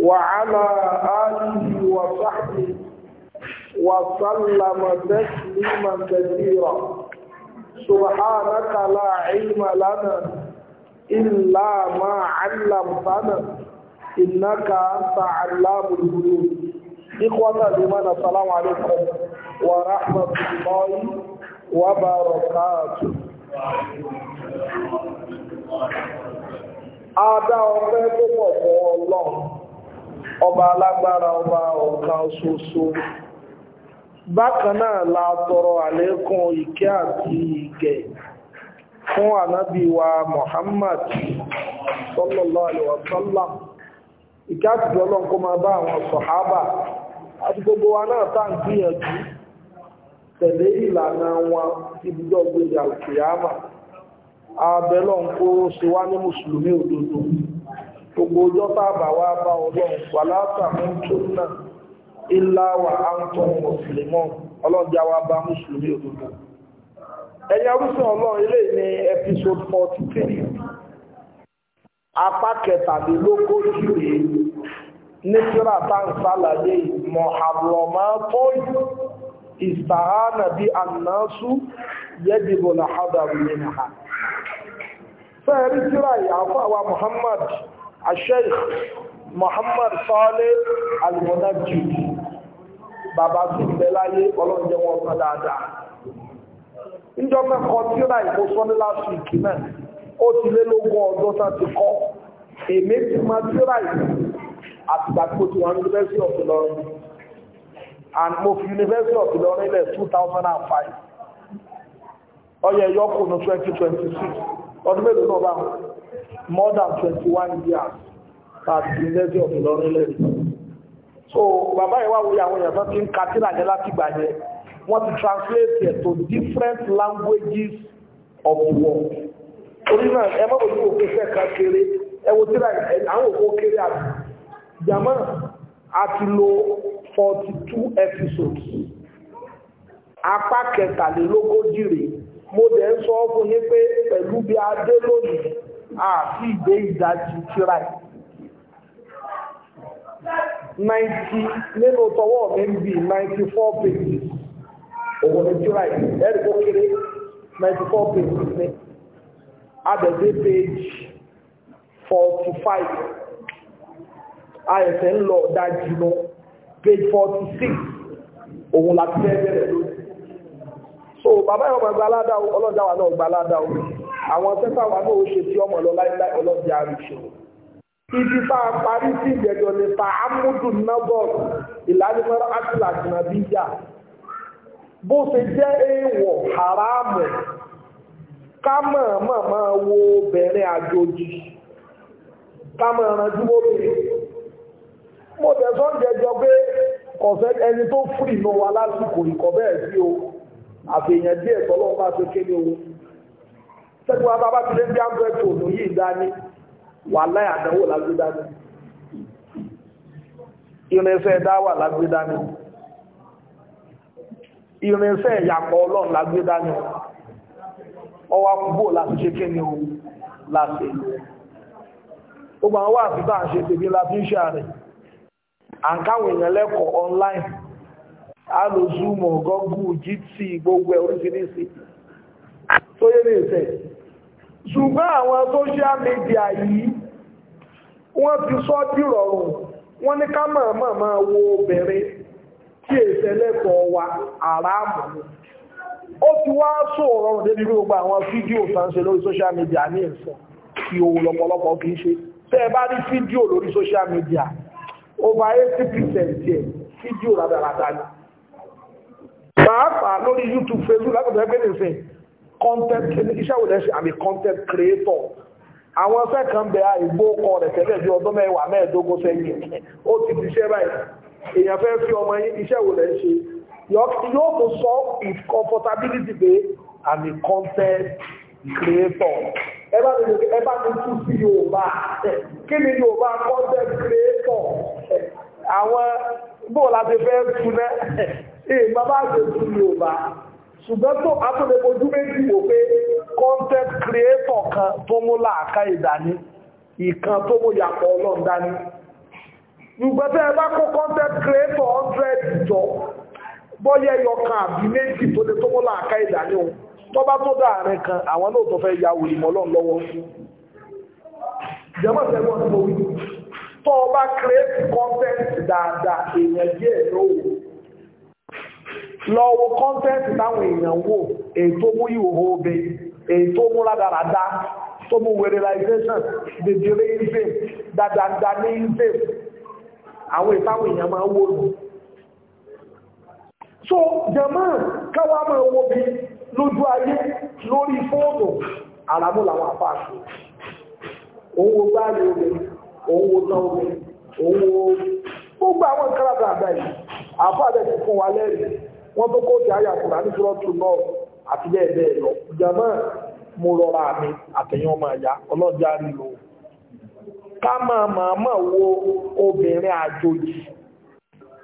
وعلى آله وصحبه وسلم تسليما كثيرا سبحانك لا علم لنا إلا ما علمتنا إنك أنت علام الغيوب إخوانا الإيمان السلام عليكم ورحمة الله وبركاته Adá ọpẹ́ tó pọ̀ fún Ọlọ́run. ọba alágbára ọba ọ̀kan ṣoṣo bákan náà la tọrọ àlékún ìkẹ́ àti ìgẹ̀ fún wa Muhammad sallallahu alaihi wasallam ìkẹ́ àti ìjọlọ́n kó máa bá àwọn sọ̀hábà àti gbogbo wa náà tá ń gbìyànjú tẹ̀lé ìlànà wọn ibùdó ọgbẹ̀rẹ̀ àlùkìyàmà àbẹ̀lọ́n kó ṣe wá ní mùsùlùmí gbogbo ọjọ́ tá a bá wá bá ọlọ́run wà látàmú tó náà ilá wà á ń tọ́ mùsùlùmọ́ ọlọ́run wá bá ilé ní episode forty three apá kẹtàlélógójì rèé nítorá tá ń sálàyé yẹ́dìbò làhádà rèé nìha fẹ́ẹ̀rí tíra ìyàwó Sheikh Muhammad Saleh Al-Munajjid bàbá sí ìbẹ́láyé ọlọ́njẹ́ wọn kan dáadáa ìjọba kan tí ó náà ìkó sọ́ní láti ìkí ti lé lógún ọdún ti kọ́ èmi ti máa University of Ilorin and mo fi University of Ilorin lẹ̀ 2005 2026 ọdún mélòó more than twenty one years the University of Ilorin lẹ́yìn. so bàbá ìwà wo àwọn èèyàn tó ti ń ka tíra yẹn láti gbà yẹn wọ́n ti translate it to different languages of the world. orí náà ẹ má wòlú òkè fẹ́ẹ̀ka kéré ẹ wo tíra àwọn òkú kéré àbí jama a ti lo forty two episodes apá kẹtàlélógójì rèé mo dẹ̀ ń sọ fún yín pé pẹ̀lú bí a lónìí àti ìgbé ìdájú kíra ẹ̀. 90 nínú tọwọ́ mi ń bí 94 pages òun ni kíra ẹ̀ ẹ̀rí kó kéré 94 pages ní abẹ̀dẹ̀ page 45 àìsẹ̀ ń lọ dájú nù page 46 òun láti fẹ́ bẹ̀rẹ̀ lónìí. so bàbá yóò máa gbalada ọlọ́jà wa náà gbalada ọ̀hún àwọn tẹ́tà wa náà ó ṣe tí ọmọ lọ láíláí ọlọ́dẹ àrùṣe o ibi tá a parí sí ìgbẹ́jọ́ ni ta amúdù nọ́bọ̀ ìlànìmọ́ra àtìlà jìnnàbíyà bó ṣe jẹ́ èèwọ̀ haramu ká mọ̀ọ́mọ̀ máa wo obìnrin àjòjì ká mọ̀ ránjú obìnrin mo tẹ̀sọ́ jẹjọ pé kọ̀fẹ́ ẹni tó fún ìnáwó alásìkò ìkọ̀bẹ́ẹ̀ sí o àfihàn díẹ̀ tọ́lọ́ bá ṣe kéde owó sẹ́ni wa bàbá ti lé ní hundred tó lò yìí dání wà láyé àdánwò lágbé dání irinṣẹ́ dáwà lágbé dání irinṣẹ́ ìyàpọ̀ ọlọ́run lágbé dání ọwọ́ àkúgbò láti ṣe kí ni o láti gbogbo àwọn wà fífà ṣe tèmi láti ń ṣe àrẹ̀ àǹkáwọn èèyàn lẹ́kọ̀ọ́ online alòzúmọ̀ gọ́gù gt gbogbo ẹ̀ oríṣiríṣi tó yé ní ìṣẹ̀lẹ̀ ṣùgbọ́n àwọn social media yìí wọ́n ti sọ dìrọ̀rùn wọ́n ní ká mọ̀ọ́mọ̀ máa wo obìnrin tí èsẹ̀lẹ́kọ̀ọ́ wa àràmù ó ti wá sọ̀rọ̀ débi gbogbo àwọn fídíò tánṣe lórí social media ní ìsọ̀ kí owó lọ́pọ̀lọpọ̀ kì í ṣe tẹ́ ẹ bá rí fídíò lórí social media over eighty percent ẹ̀ fídíò rádaràdà ni pàápàá lórí YouTube Facebook lákòókò ẹgbẹ́ nìsín content iṣẹ́ wo lẹ́sìn àmì content creator àwọn ọ̀sẹ̀ kan bẹ àìgbó kọ rẹ̀ tẹ́lẹ̀ bí ọdún mẹ́wàá mẹ́ẹ̀ẹ́dógún sẹ́yìn ó ti ti ṣẹ́ báyìí èèyàn fẹ́ fi ọmọ yín iṣẹ́ wo lẹ́ ṣe yóò tó sọ if comfortability pé àmì content creator ẹ bá mi ẹ bá mi tú sí Yorùbá kí ni Yorùbá content creator àwọn bóòlù àti fẹ́ tu náà èèyàn bá bá ṣe tú Yorùbá ṣùgbọ́n tó àtúnlẹ̀ ojú méjì wò pé content creator kan tó mú láàká ìdání ìkan tó mú yàpọ̀ ọlọ́run dání ṣùgbọ́n tẹ́ ẹ kó content creator 100 jọ bọ́yẹ yọkan àbí méjì tó lè tó mú láàká ìdání o tó bá tó dá kan àwọn náà tó fẹ́ ya wòlì mọ́ ọlọ́run lọ́wọ́ jẹ́mọ̀ tẹ́gbọ́n tó create content dáadáa èèyàn díẹ̀ lówó lọ wo kọ́ńtẹ́ǹtì táwọn èèyàn wò èyí tó mú ìhòhò obe èyí tó mú rádaràdá tó mú wẹ̀rẹ̀láìsẹ́sàn dèdèrè ìfẹ́ dàdàdà ní ìfẹ́ àwọn ìtàwọn èèyàn máa wò lù so jẹ́mọ́ káwà máa wo bí lójú ayé lórí fóònù àràmú làwọn àfáàṣù owó gbáàlì omi owó tán omi owó gbogbo àwọn kárádà àdáyì àfáàdẹ̀ fún wa lẹ́rìí wọ́n tó kóòtù àyà kùnà ní sọ́ọ̀tù náà àti bẹ́ẹ̀ bẹ́ẹ̀ lọ jama mo rọra mi àtẹ̀yìn ọmọ àyà ọlọ́jà rí lò ká máa màmá wo obìnrin àjòjì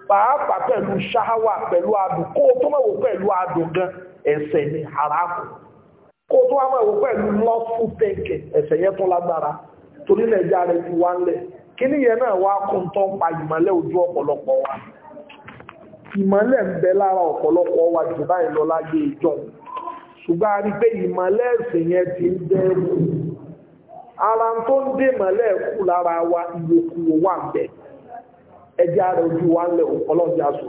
pàápàá pẹ̀lú pẹ̀lú adùn pẹ̀lú adùn gan ni kó o tó mọ̀wò pẹ̀lú lọ́fù tẹ̀kẹ̀ yẹn tó lágbára torí rẹ̀ ti wá ń lẹ̀ kí náà wá kún pa wa. ìmọ̀lẹ̀ ń bẹ lára ọ̀pọ̀lọpọ̀ wa jù báyìí lọ láyé ìjọ ṣùgbọ́n a rí pé ìmọ̀lẹ̀ ẹ̀sìn yẹn ti ń dẹ́rù ara tó ń dé mọ̀lẹ̀ kù lára wa ìyókù wà ń bẹ ẹjẹ́ ara ojú wa ń lẹ̀ ọlọ́dẹ aṣọ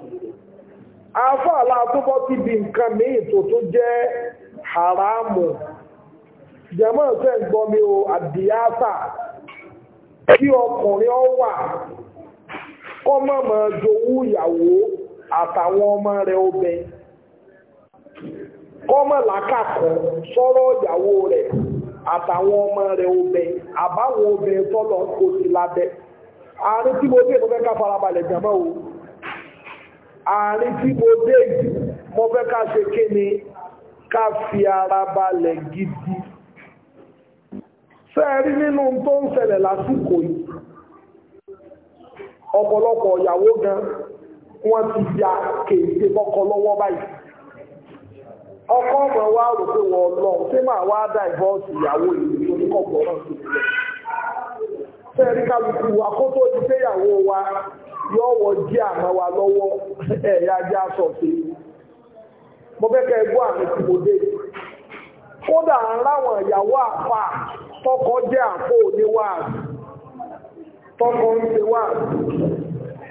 afọ́ aláàtúbọ̀ ti di nǹkan míì tó tó jẹ́ haramu jẹ́mọ́ ṣe ń gbọ́ mi o àdìyáta kí ọkùnrin ọ wà kọ́mọ̀mọ̀ jowú ìyàwó àtàwọn ọmọ rẹ̀ obẹ kọ́mọ̀lákàkọ́ sọ̀rọ̀ ìyàwó rẹ̀ àtàwọn ọmọ rẹ̀ obẹ àbáwọn obìnrin tọ́lọ̀ kò sí lábẹ́ àárín tí mo dé mo fẹ́ ká farabalẹ̀ jàmọ́ o àárín tí mo dé mo fẹ́ ká ṣe kéne ká fi ara balẹ̀ gidi sẹ́ẹ̀rí nínú tó ń ṣẹlẹ̀ lásìkò yìí ọ̀pọ̀lọpọ̀ ìyàwó gan wọ́n ti ya kéèké bọ́kọ lọ́wọ́ báyìí ọkọ ọmọ wa rò pé wọ́n lọ máa wá dá ìbọ́ọ̀sì ìyàwó ìlú tó ní kọ̀ọ̀kan fẹ́ẹ̀rí kálukú akótó ti wa wọ jí wa lọ́wọ́ ẹ̀yà sí mo fẹ́ kẹ́ ẹgbọ́ àmì tí mo dé kódà tọkọ jẹ́ àpò tọkọ ń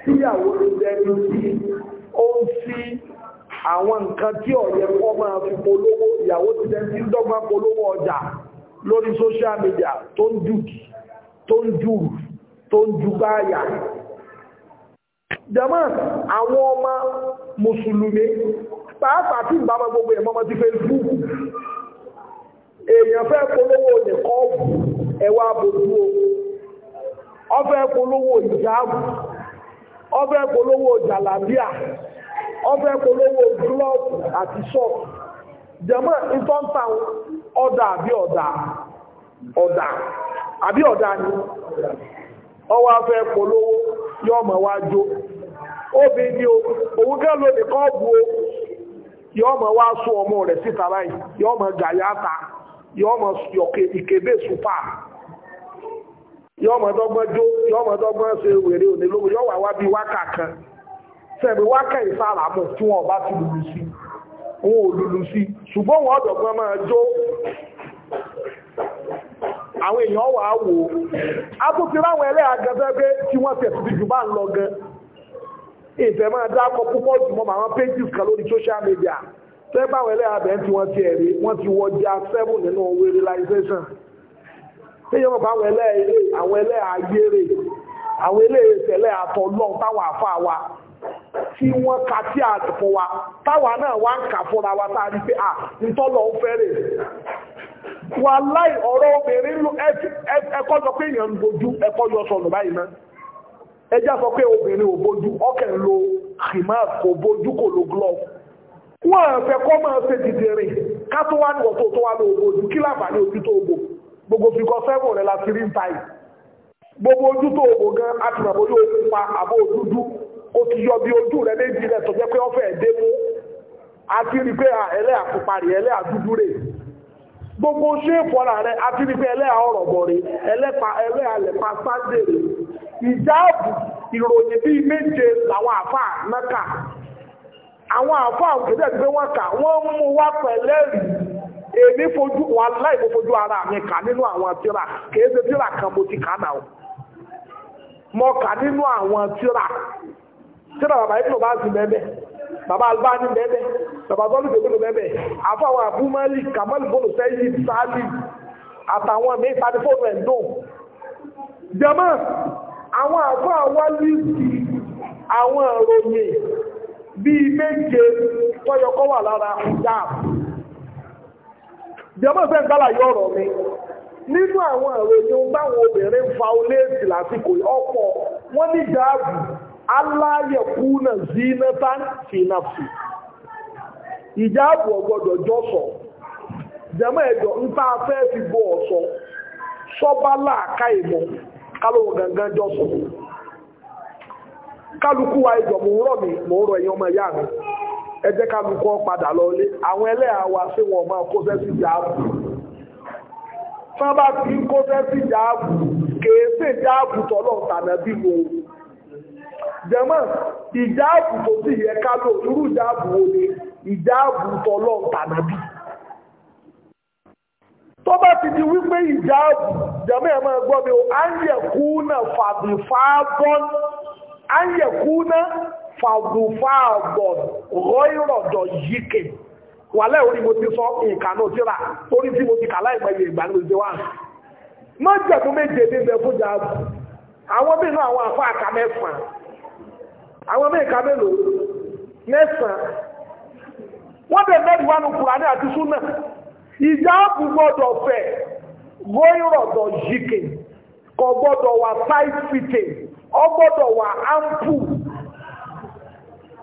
tíyàwó ló dẹni tí ó ń fi àwọn nǹkan tí ọ̀yẹ kọ́ máa fi polówó ìyàwó ti dẹni tí ń polówó ọjà lórí social media tó ń dùkì tó ń jùrù tó ń ju báyà jama àwọn ọmọ mùsùlùmí pàápàá tí ìbámọ́ gbogbo ẹ̀mọ́ ti Facebook èèyàn fẹ́ polówó nìkan ẹwà bòbú o ọ fẹ́ polówó ìjáàbù ọbẹ̀ polówó jàlábíà ọbẹ̀ polówó glove àti ṣọ́ọ̀kì jẹ̀mọ́ ìtọ́ntà ọ̀dà àbí ọ̀dà ọ̀dà àbí ọ̀dà ni ọwọ́ afẹ́ polówó yọ́ mọ̀ wá jó Obi ni o òun kẹ́ lónìí kọ́ bu o mọ̀ wá sún ọmọ rẹ̀ síta báyìí mọ̀ gàyàtà mọ̀ ìkébé yọ ọmọ dọ́gbọ́n jó yọ ọmọ dọ́gbọ́n ṣe wèrè òní lówó yọ wà wá bí wákà kan sẹ́mi wákà ìsàràmù tí wọ́n bá ti lùlù sí wọn ò lùlù sí ṣùgbọ́n wọn ọ̀dọ̀gbọ́n máa jó àwọn èèyàn wà á wò ó abúti ráwọn ẹlẹ́yà gẹ́gẹ́ tí wọ́n tẹ̀ sí jù bá ń lọ gan ìfẹ́ máa dákọ̀ púpọ̀ jù mọ́ àwọn pages kan lórí social media tẹ́ báwọn ẹlẹ́yà bẹ́ẹ̀ tí wọ́n ti ẹ̀rí wọ́n ti wọ́jà seven nínú wẹ́rẹ́láìsẹ́sàn téèyàn bá àwọn ẹlẹ́ ilé àwọn ẹlẹ́ ayére àwọn ilé ìṣẹ̀lẹ̀ àtọ̀lọ́n táwọn àfa wa tí wọ́n ka tí a fún wa táwa náà wá ń kà fúnra wa tá a rí pé à ntọ́lọ̀ ń fẹ́rẹ̀ wà láì ọ̀rọ̀ obìnrin ló ẹkọ́ sọ pé èèyàn ń bojú ẹkọ́ yọ sọnù báyìí náà ẹjá sọ pé obìnrin ò bojú ọkẹ̀ ń lo khimar kò bojú kò lo glove wọ́n fẹ́ kọ́ máa ṣe dìde rìn ká tó wá ní ọ̀tọ̀ tó wá lóògbò ojú kí láǹfààní ojú tó gbò gbogbo fi kọ sẹ́wọ̀n rẹ̀ la ti rí ń ta yìí gbogbo ojú tó ògbò gan àtìmọ̀bó yóò ti pa àbó òdúdú ó ti yọ bí ojú rẹ̀ méjì rẹ̀ tó jẹ́ pé ọ̀fẹ́ ẹ̀dẹ́ mú àti rí pé ẹlẹ́ àpòparì ẹlẹ́ àdúdú rẹ̀ gbogbo ṣé ìfọ́ra rẹ̀ àti rí pé ẹlẹ́ àọ̀rọ̀bọ̀ rẹ̀ ẹlẹ́ àlẹ̀pa sáńdẹ̀ rẹ̀ ìjáàbù ìròyìn bíi méje làwọn àfáà mẹ́ka àwọn àfáà òkèdè àti pé wọ́n kà wọ́n mú wá pẹ̀lẹ́rìí èmi fojú wà láì mo fojú ara mi kà nínú àwọn tíra kì í ṣe tíra kan mo ti kà náà o mo kà nínú àwọn tíra tíra bàbá yìí ló bá ti bẹ́ẹ̀ bàbá albani bẹ́ẹ̀ bàbá bọ́lù bẹ́ẹ̀ bẹ́ẹ̀ àfọwọ́ abúmọ́lì kamal bọ́lù sẹ́yìn sáàlì àtàwọn mi ìpàdé fóònù ẹ̀ ń dùn jẹmọ́ àwọn àfọ́ àwọ́ lìsì àwọn ìròyìn bíi méje tọ́yọkọ́ wà lára ìjáàbù jẹ́mọ́ fẹ́ gbálàyé ọ̀rọ̀ mi nínú àwọn ìròyìn báwọn obìnrin fa oléèsì lásìkò ọ̀pọ̀ wọ́n ní dáàbù aláyẹ̀kúnà zinata finapsi ìjáàbù ọgbọ́dọ̀ jọ́sọ̀ jẹ́mọ́ fi gangan kálukú wa mi mò ń ọmọ ìyá mi ẹ jẹ́ ká lukọ́ padà lọ́lé àwọn ẹlẹ́yà wa ṣé wọn máa kó sẹ́sì jáàbù tí wọ́n bá ti ń kó sẹ́sì jáàbù kèé sí ìjáàbù tọ́lọ̀ tànà bí mo jẹ́mọ́ ìjáàbù tó sì yẹ ká lò irú ìjáàbù wo ni ìjáàbù tọ́lọ̀ tànà bí tó bá ti di wípé ìjáàbù jẹ́mọ́ ẹ̀ máa gbọ́ mi o á yẹ kú náà fàbí fáábọ́n á yẹ kú náà fàgùfàgọ̀ rọ́ìrọ̀dọ̀ yíkè wà lẹ́ orí mo ti sọ nǹkan náà tíra torí tí mo ti kà láìpẹ́ ìgbà ní ojú wa má jẹ̀bú méje ní ilẹ̀ fújà àwọn bí inú àwọn àfọ àka mẹ́fà àwọn bí ìka mẹ́sàn wọ́n bẹ̀ mẹ́rin wà ní Kùránì àti súnà ìjà ààbò gbọ́dọ̀ fẹ̀ rọ́ìrọ̀dọ̀ yíkè kò gbọ́dọ̀ wà tight fitting ó gbọ́dọ̀ wà ample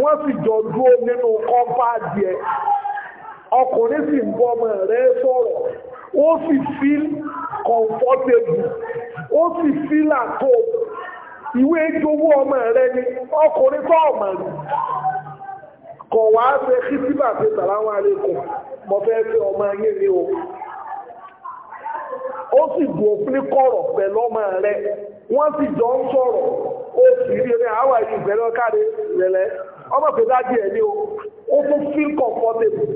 wọ́n sì jọ dúró nínú kọ́mpáàdì ẹ̀ ọkùnrin sì ń bọ́ ọmọ rẹ̀ sọ̀rọ̀ ó sì feel comfortable ó sì feel at home ìwé ìjọwọ́ ọmọ rẹ̀ ni ọkùnrin tó ọmọ rẹ̀ kọ̀ wá ṣe kí síbà ṣe sàláwọn àlékún mo fẹ́ fi ọmọ yín ni o ó sì bù òfin kọ̀rọ̀ pẹ̀lú ọmọ rẹ̀ wọ́n sì jọ ń sọ̀rọ̀ ó sì rí ẹni àwọn ìgbẹ́lẹ́ káre rẹ̀ ọmọ pé dájú ẹ̀ ní o ó tún feel comfortable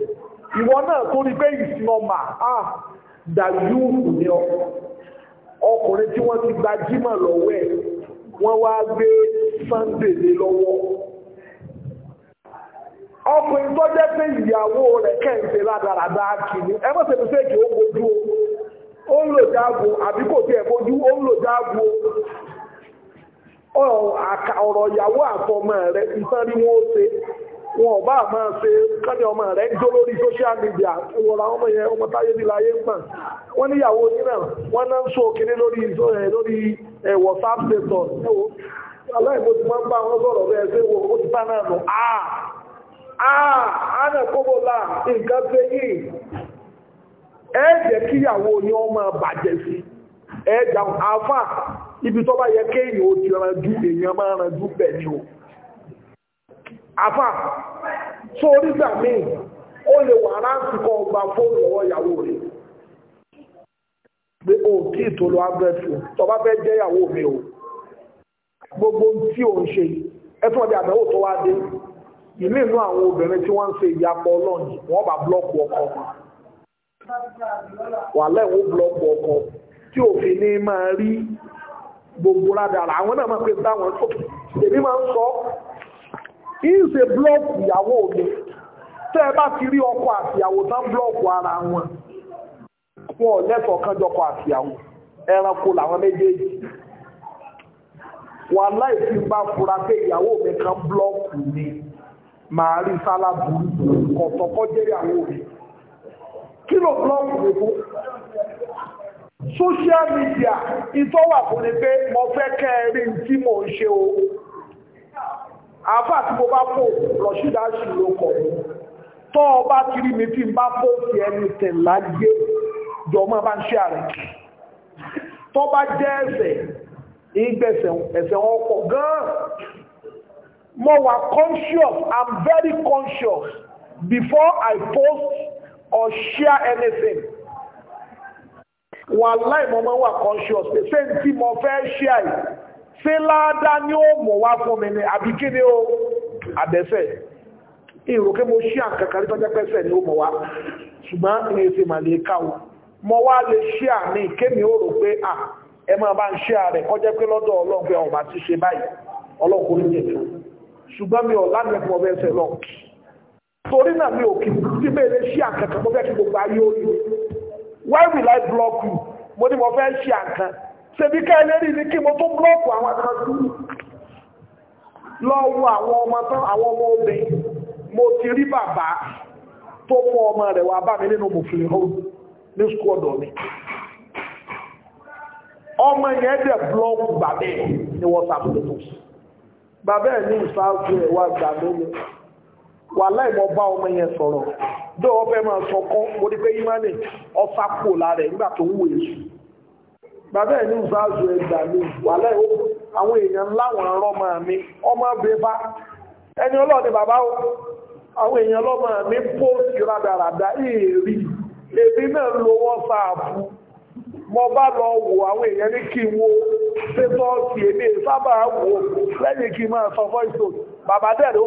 ìwọ náà tó rí pé it's normal ah dàjú ní ọ ọkùnrin tí wọ́n ti gba jímọ̀ lọ́wọ́ ẹ̀ wọ́n wá gbé Sunday lé lọ́wọ́ ọkùnrin tó jẹ́ pé ìyàwó rẹ̀ kẹ́ǹtẹ̀ ládàradà kìíní ẹ mọ̀ sẹ́ni sẹ́kì ó bójú o ó ń lò jáàbù àbí kò tiẹ̀ bójú ó ń lò jáàbù o ọ̀rọ̀ ìyàwó àtọmọ rẹ̀ nǹkan rí wọ́n ṣe wọn ọba àmọ́ ṣe kọ́ni ọmọ rẹ̀ ń lórí social media wọ́n ra ọmọ yẹn ọmọ táyé ní láyé ń gbọ̀n wọ́n níyàwó yín náà wọ́n náà ń sọ òkèrè lórí WhatsApp kíyàwó ọmọ ibi tó bá yẹ kéèyàn ó ti ranjú èèyàn máa ranjú bẹ̀ ni o àfà tó orígbà míì ó lè wà láti kọ ọgbà fóònù ọwọ́ ìyàwó rẹ̀ pé o tí ì tó lo agbẹ́sù tó bá fẹ́ jẹ́ ìyàwó mi o gbogbo tí ò ń ṣe ẹtún ọdẹ àbẹ̀wò tó wá dé ìlú inú àwọn obìnrin tí wọ́n ń ṣe ìyapọ̀ ọlọ́ọ̀nì wọ́n bá blọ́ọ̀kù ọkọ wà lẹ́wọ̀n blọ́ọ̀kù ọkọ tí òfin ní máa rí gbogbo rádàrà àwọn náà máa pé dáwọn tó èmi máa ń sọ ìṣe blọ́ọ̀kù ìyàwó mi tẹ́ ẹ bá ti rí ọkọ àtìyàwó tán blọ́ọ̀kù ara wọn wọn ò lẹ́tọ̀ọ́ kan jọkọ àtìyàwó ẹranko làwọn méjèèjì wà láìsí bá fura pé ìyàwó mi kan blọ́ọ̀kù ni màá rí sálá burú kọ̀tọ̀kọ́ jẹ́rìí àwọn òbí kí ló blọ́ọ̀kù mi fún social media ìtọ́wà kò ní pé mo fẹ́ kẹ́ ẹ rí tí mò ń ṣe o àáfà tí mo bá pò rọ̀ṣídà sì ló kọ̀ tọ́ ọ bá kiri mi tí n bá pò sí ẹni tẹ̀lá yé jọmọ́ bá ń ṣe àrẹ tọ́ bá jẹ́ ẹsẹ̀ ìgbẹ̀sẹ̀ ẹsẹ̀ gan-an wà conscious I'm very conscious before I post or share anything wàhálà mo wà conscious pé ṣé n tí mo fẹ́ ṣe àì ṣé láàdá ni ó mọ̀ wá fún mi ni àbí kí ni ó àbẹ́fẹ́ ìròkè mo ṣí tọ́jọ́ pẹ́sẹ̀ ni ó mọ̀ wá ṣùgbọ́n ní èsì màlẹ̀ káwọ́ mo lè ṣí àmì kémi ó pé à ẹ máa bá ń ṣí ààrẹ kọjẹ́ pé lọ́dọ̀ lè ṣí why will I block you mo ní mo fẹ́ ṣe àǹkan ṣebí ká ẹlẹ́rìí ní kí mo tó blọ́ọ̀kù àwọn kan sí lọ́wọ́ àwọn ọmọ tán àwọn ọmọ obìnrin mo ti rí bàbá tó mú ọmọ rẹ̀ wá bá mi nínú mòfin hó ní sukú ọ̀dọ̀ mi ọmọ yẹn dẹ̀ blọ́ọ̀kù bàbá ẹ̀ ní wọ́sàpù tó bàbá ẹ̀ ní ìsáàkù ẹ̀ wá gbà wà láìmọ̀ bá ọmọ yẹn sọ̀rọ̀ dọ́ ọbẹ̀ máa sọkọ́ mo ní pé imani ọfà kò lára ẹ̀ nígbà tó ń wò èṣù bàbá ẹ̀ ní ìzáàzù ẹ̀dà mi wà láì àwọn èèyàn láwọn arọ́ máa mi ọmọ bébá ẹni ọlọ́ọ̀ni bàbá o àwọn èèyàn lọ́mọ mi èèrí náà mo bá lọ àwọn èèyàn ní kí n wo èmi wò lẹ́yìn kí n máa sọ bàbá dẹ̀rẹ̀ ó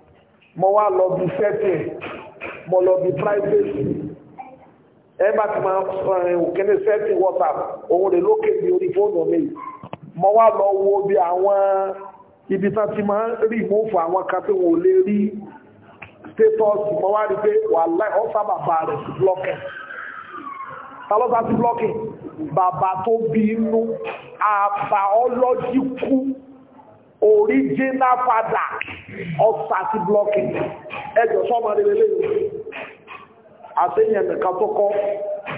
mo wá lọ bí sẹ́tì mo lọ bí privacy ẹ bá ti máa sọ̀rọ̀ òkèlè sẹ́tì whatsapp òun rè lókè bí orí fóònù mi mo wá lọ wo bí àwọn ibi tá ti máa rí ìmúfò àwọn kan tí wọn lè rí status mo wá rí pé wàláì ó sábà bá rẹ̀ sí blọ́kẹ̀ ta ló sá sí blọ́kẹ̀ bàbá tó bí inú àfàọ́lọ́jì kú original father of thirty blocking ẹjọ sọmọ rẹ lélẹyìn àtẹyìn ẹnìkan tó kọ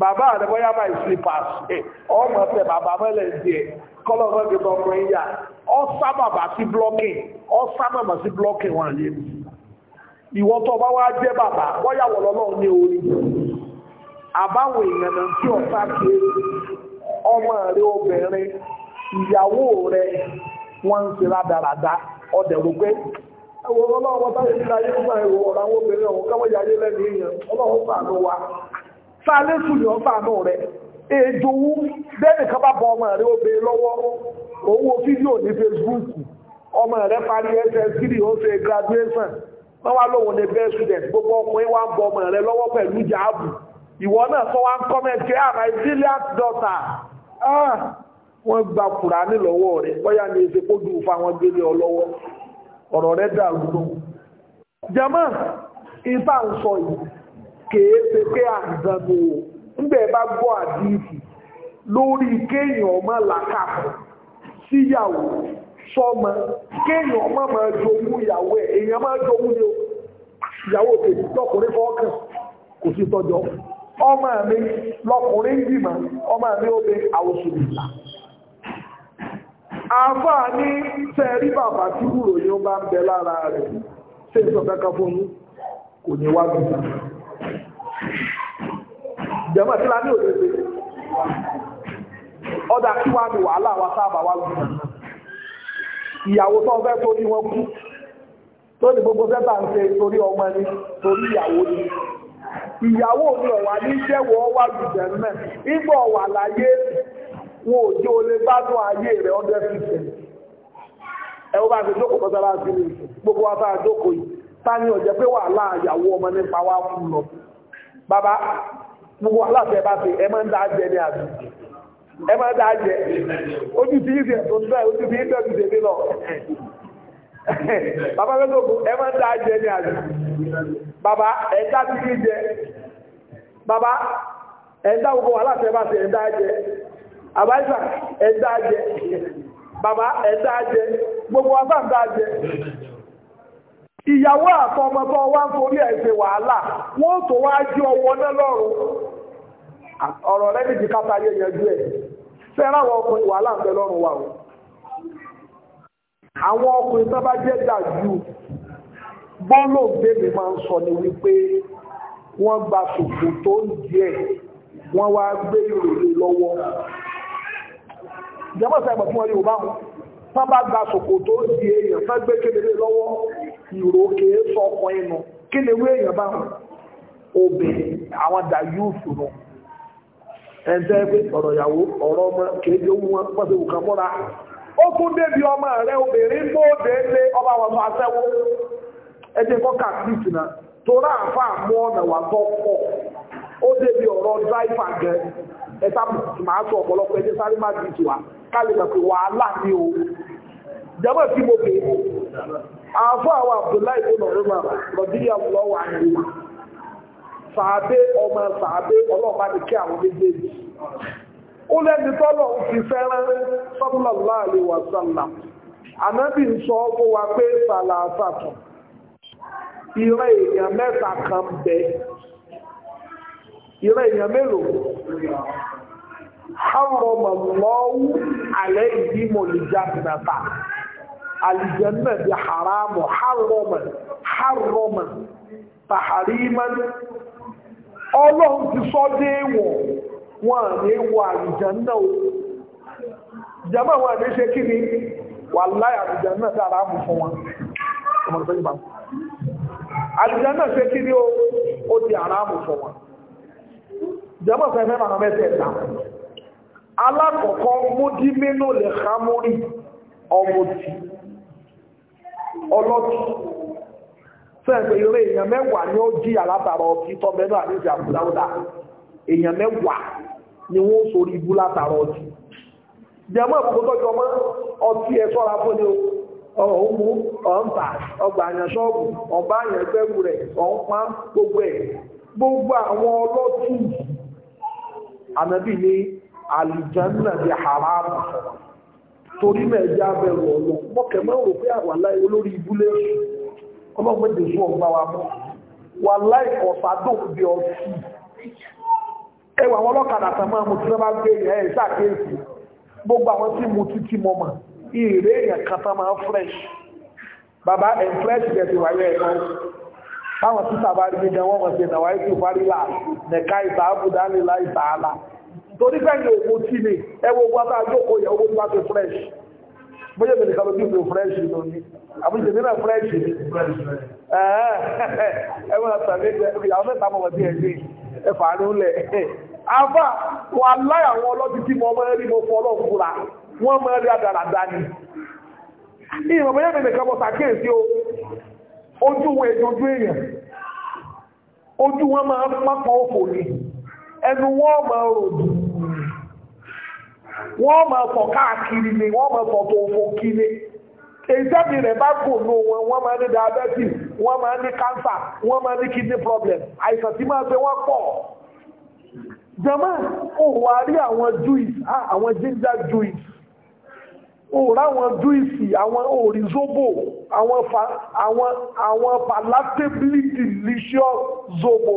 bàbá a bọ́yá máa slippers ọmọ tẹ bàbá mẹ́lẹ̀ díẹ̀ ti ọkùnrin ọ sí ọ sí wọn tó bá wá jẹ́ bàbá bọ́yá wọ̀ ní orí èèyàn náà tí ọ̀sá ọmọ rẹ̀ obìnrin ìyàwó rẹ̀ wọ́n ń ṣe rádaràda ọdẹ̀ rò pé ọlọ́wọ́ táyé sáálé sùn ọ̀fà àánú rẹ̀ èdòwú bẹ́ẹ̀ni kan bá bọ ọmọ rẹ̀ obè lọ́wọ́ owó fídíò ní Facebook ọmọ rẹ̀ parí ss3 ó ṣe graduation wọ́n wá lóhun ní best student gbogbo ọkùnrin wá ń bọ ọmọ rẹ̀ lọ́wọ́ pẹ̀lú jáàbù ìwọ náà sọ wá ń kọ́mẹ̀tì àmà ah, brilliant daughter ah, wọ́n gba kùránì lọ́wọ́ rẹ̀ bóyá ní èsè kó dùn fún àwọn gbélé ọ lọ́wọ́ ọ̀rọ̀ rẹ̀ dàrú lọ. jẹ́mọ́ ìfà ń sọ yìí kèé ṣe pé àǹdàgbò ńgbẹ̀ bá gbọ́ àdìsí lórí kéèyàn ọmọ làkàkọ̀ síyàwó sọmọ kéèyàn ọmọ máa jowú ìyàwó ẹ̀ èèyàn máa jowú ni o ìyàwó tèmi tọkùnrin fọ́ọ̀kàn kò sí tọjọ́ ọmọ mi lọkùnrin gbìmọ̀ ọmọ mi ó bẹ àwòsùnìlà àfáà ní tẹ́rí bàbá tí wúrò ni bá ń bẹ lára rẹ̀ ṣé ìsọ̀kankan fún mi kò ní wá gbìyànjú jẹ́mọ̀ tí láti òde ṣe ọ̀dà kí wàá ní wàhálà wa sáàbà wà lùmọ̀ ìyàwó tó fẹ́ torí wọn kú tó ní gbogbo sẹ́bà ń ṣe torí ọmọ ni torí ìyàwó ni ìyàwó ni ọ̀wà ní jẹ́wọ́ wà lùjẹ̀ mẹ́ ìgbọ̀ wà láyé wọn ò jẹ́ olè gbádùn ayé rẹ̀ ọdẹ fìfẹ́ ẹ̀ wọ́n bá ti jókòó kọ́sára sí ni gbogbo wa bá jókòó yìí tani ọ̀jẹ́ pé wàhálà ìyàwó ọmọ nípa wá fún lọ bàbá gbogbo aláàfẹ́ bá fi ẹ máa ń dáa jẹ ní àbí ẹ máa ń dáa jẹ ojú ti yí tó ń bẹ́ẹ̀ ojú ti yí tẹ̀sí tèmi lọ bàbá fẹ́ sọ́kù ẹ máa ń dáa jẹ ní àbí bàbá ẹ̀dá ti yí jẹ bàbá ẹ̀dá gbogbo aláàfẹ́ bá fi ẹ̀dá jẹ àbájá ẹ̀dá jẹ bàbá ẹ̀dá jẹ gbogbo afáǹdá jẹ ìyàwó àtọmọ tó wá ń forí ẹ̀ ṣe wàhálà wọ́n tó wá jí ọwọ́ náà lọ́rùn ọ̀rọ̀ rẹ méjì káta yé yanjú ẹ̀ fẹ́ràn ọkùnrin wàhálà ń bẹ lọ́rùn wa o àwọn ọkùnrin tó bá jẹ́ dàjú bọ́ọ̀lù bèbè máa ń sọ ni wípé wọ́n gba ṣòfò tó ń díẹ̀ wọ́n wá gbé ìròyìn lọ́wọ́ jẹ́mọ̀sẹ̀ ẹ̀gbọ̀n fún ọ Yorùbá wọn bá gba ṣòfò tó ń di èèyàn fẹ́ gbé kékeré lọ́wọ́ ìró sọ sọkọ inú kí lè wé èèyàn bá wọn obìnrin àwọn dà yúùfù pé ọ̀rọ̀ ìyàwó ọ̀rọ̀ ọmọ kèé jẹ́ wọn pọ̀ mọ́ra ó débi ọmọ rẹ obìnrin bóde lé ọba wọn fún ẹjẹ́ kọ́ náà ọ̀nà wà pọ̀ ó débi ọ̀rọ̀ dráìfà gẹ ẹ̀ta ọ̀pọ̀lọpọ̀ ẹjẹ́ sáré má kálí àfọ àwọn abdullahi ibn umar radiyallahu anhu sàábé ọmọ sàábé ọlọ́ọ̀bá ní kí àwọn méjèèjì ó lẹ́ni tọ́lọ̀ fi fẹ́ràn sallallahu alaihi wasallam ànábì ń sọ fún wa pé sàlàsàtọ̀ ìrẹ́ èèyàn mẹ́ta kan bẹ ìrẹ́ èèyàn mélòó harramallahu alaihimul jannata alìjẹ́nà bí haramu haraman haraman tahariman ọlọ́run ti sọ dé wọ̀ wọ́n ní wọ alìjẹ́nà o jẹ́mọ́ wọn ní ṣe kí ni wà láì alìjẹ́nà dára mú fún wọn alìjẹ́nà ṣe kí ni ó di haramu fún wọn jẹ́mọ́ fẹ́ fẹ́ màmá mẹ́tẹ̀ẹ̀ta alákọ̀ọ́kọ́ múdí mínú lè hámúrì ọmọ tí ọlọ́tí fẹ́ẹ̀fẹ́ eré èèyàn mẹ́wàá ni ó jí alátara ọtí tọ́mẹ́nú àdéhùn àbúdáwùdá èèyàn mẹ́wàá ni wọ́n sórí ibú látara ọtí jẹmọ́ àbúkú tọ́jú ọmọ ọtí ẹ sọ́ra fún ni ọ̀húnmú ọ̀ǹtà ọgbà àyàn ṣọ́ọ̀bù ọ̀bá àyàn rẹ̀ ọ̀ǹpá gbogbo ẹ̀ gbogbo àwọn ọlọ́tí torí mẹ́ẹ̀já bẹ̀rù ọ̀lọ́ mọ́kẹ̀mọ́ rò pé àwà láì olórí ibúlé ọlọ́gbẹ́dẹ̀ fún ọgbà wa mọ́ wà láì ọ̀sádùn bí ọtí ẹwà àwọn ọlọ́kadà tàmà mo ti rẹ́bà gbé ẹ̀ ṣàkíyèsí fresh bàbá fresh jẹ́ ti wáyé ẹ̀ náà báwọn títà bá rí mi gan wọ́n mọ̀ sí ẹ̀nà wáyé tó fárí torí fẹ́yìn òkú tí ni ẹwọ owó abá àjókòó yẹ owó nípa ti fresh bóyá mi nìkan ló bí ìpò fresh ló ní àbújá mi náà fresh ni ẹwọ àtàlẹ àwọn mẹ́ta mọ wọn bí ẹ ní ẹfà ní ó lẹ àfà wà láyà àwọn ọlọ́tí tí mo ọmọ ẹni mo fọ ọlọ́run fúra wọ́n mọ ẹni àdàràdà ni ìyẹn bóyá mi nìkan mọ sàkíyèsí o ojú wọn èdè ojú èèyàn ojú wọn máa ń pápá òfò ni ẹnu wọ́n máa ròdù wọ́n máa fọ̀ káàkiri ni wọ́n máa fọ̀ tó fò kiri ìsẹ́mi rẹ̀ bá gòlò wọn wọ́n máa ní diabetes wọ́n máa ní cancer wọ́n máa ní kidney problem àìsàn tí máa gbé wọ́n pọ̀ jama òwò àrí àwọn juice àwọn ginger juice òòrá àwọn juice àwọn òrìzóbò àwọn palatable delicious zobo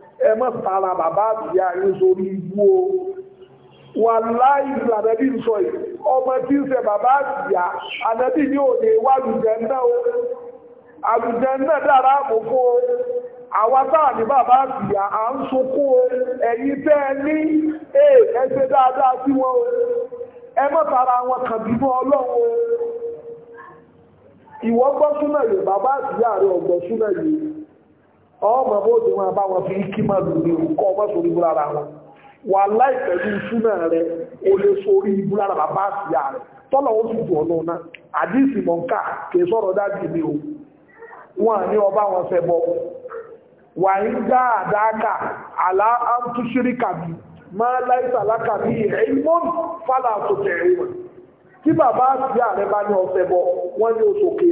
ẹ má tara bàbá àbíyá yín sórí o wà láì lànàbí ń sọ yìí ọmọ tí ń ṣe bàbá àbíyá ànàbí ní òde wà lùjẹ o àlùjẹ náà dára àkókò o àwa táà ní bàbá àbíyá à o ẹ̀yin tẹ́ ẹ ní o ọmọ bóde wọn bá wọn fi kí máa lò ní orúkọ ọmọ sórí ibú lára wọn wà láì pẹ̀lú súnà rẹ o lè sórí ibú lára bàbá àṣìyà rẹ tọ́lọ̀ ó sì tù ọ̀nà ọ̀nà àdìsí mọ̀ǹkà kìí sọ̀rọ̀ dájú mi o wọn ní ọba wọn fẹ́ bọ́ wà ń dá àdáàkà àlá àtúnṣírí kàbí máa láìsà lákàbí ẹ̀yìnmọ́n fàlà tó tẹ̀ wọn tí bàbá àṣìyà rẹ bá ní ọ̀fẹ́ bọ́ wọ́n ní oṣù kìí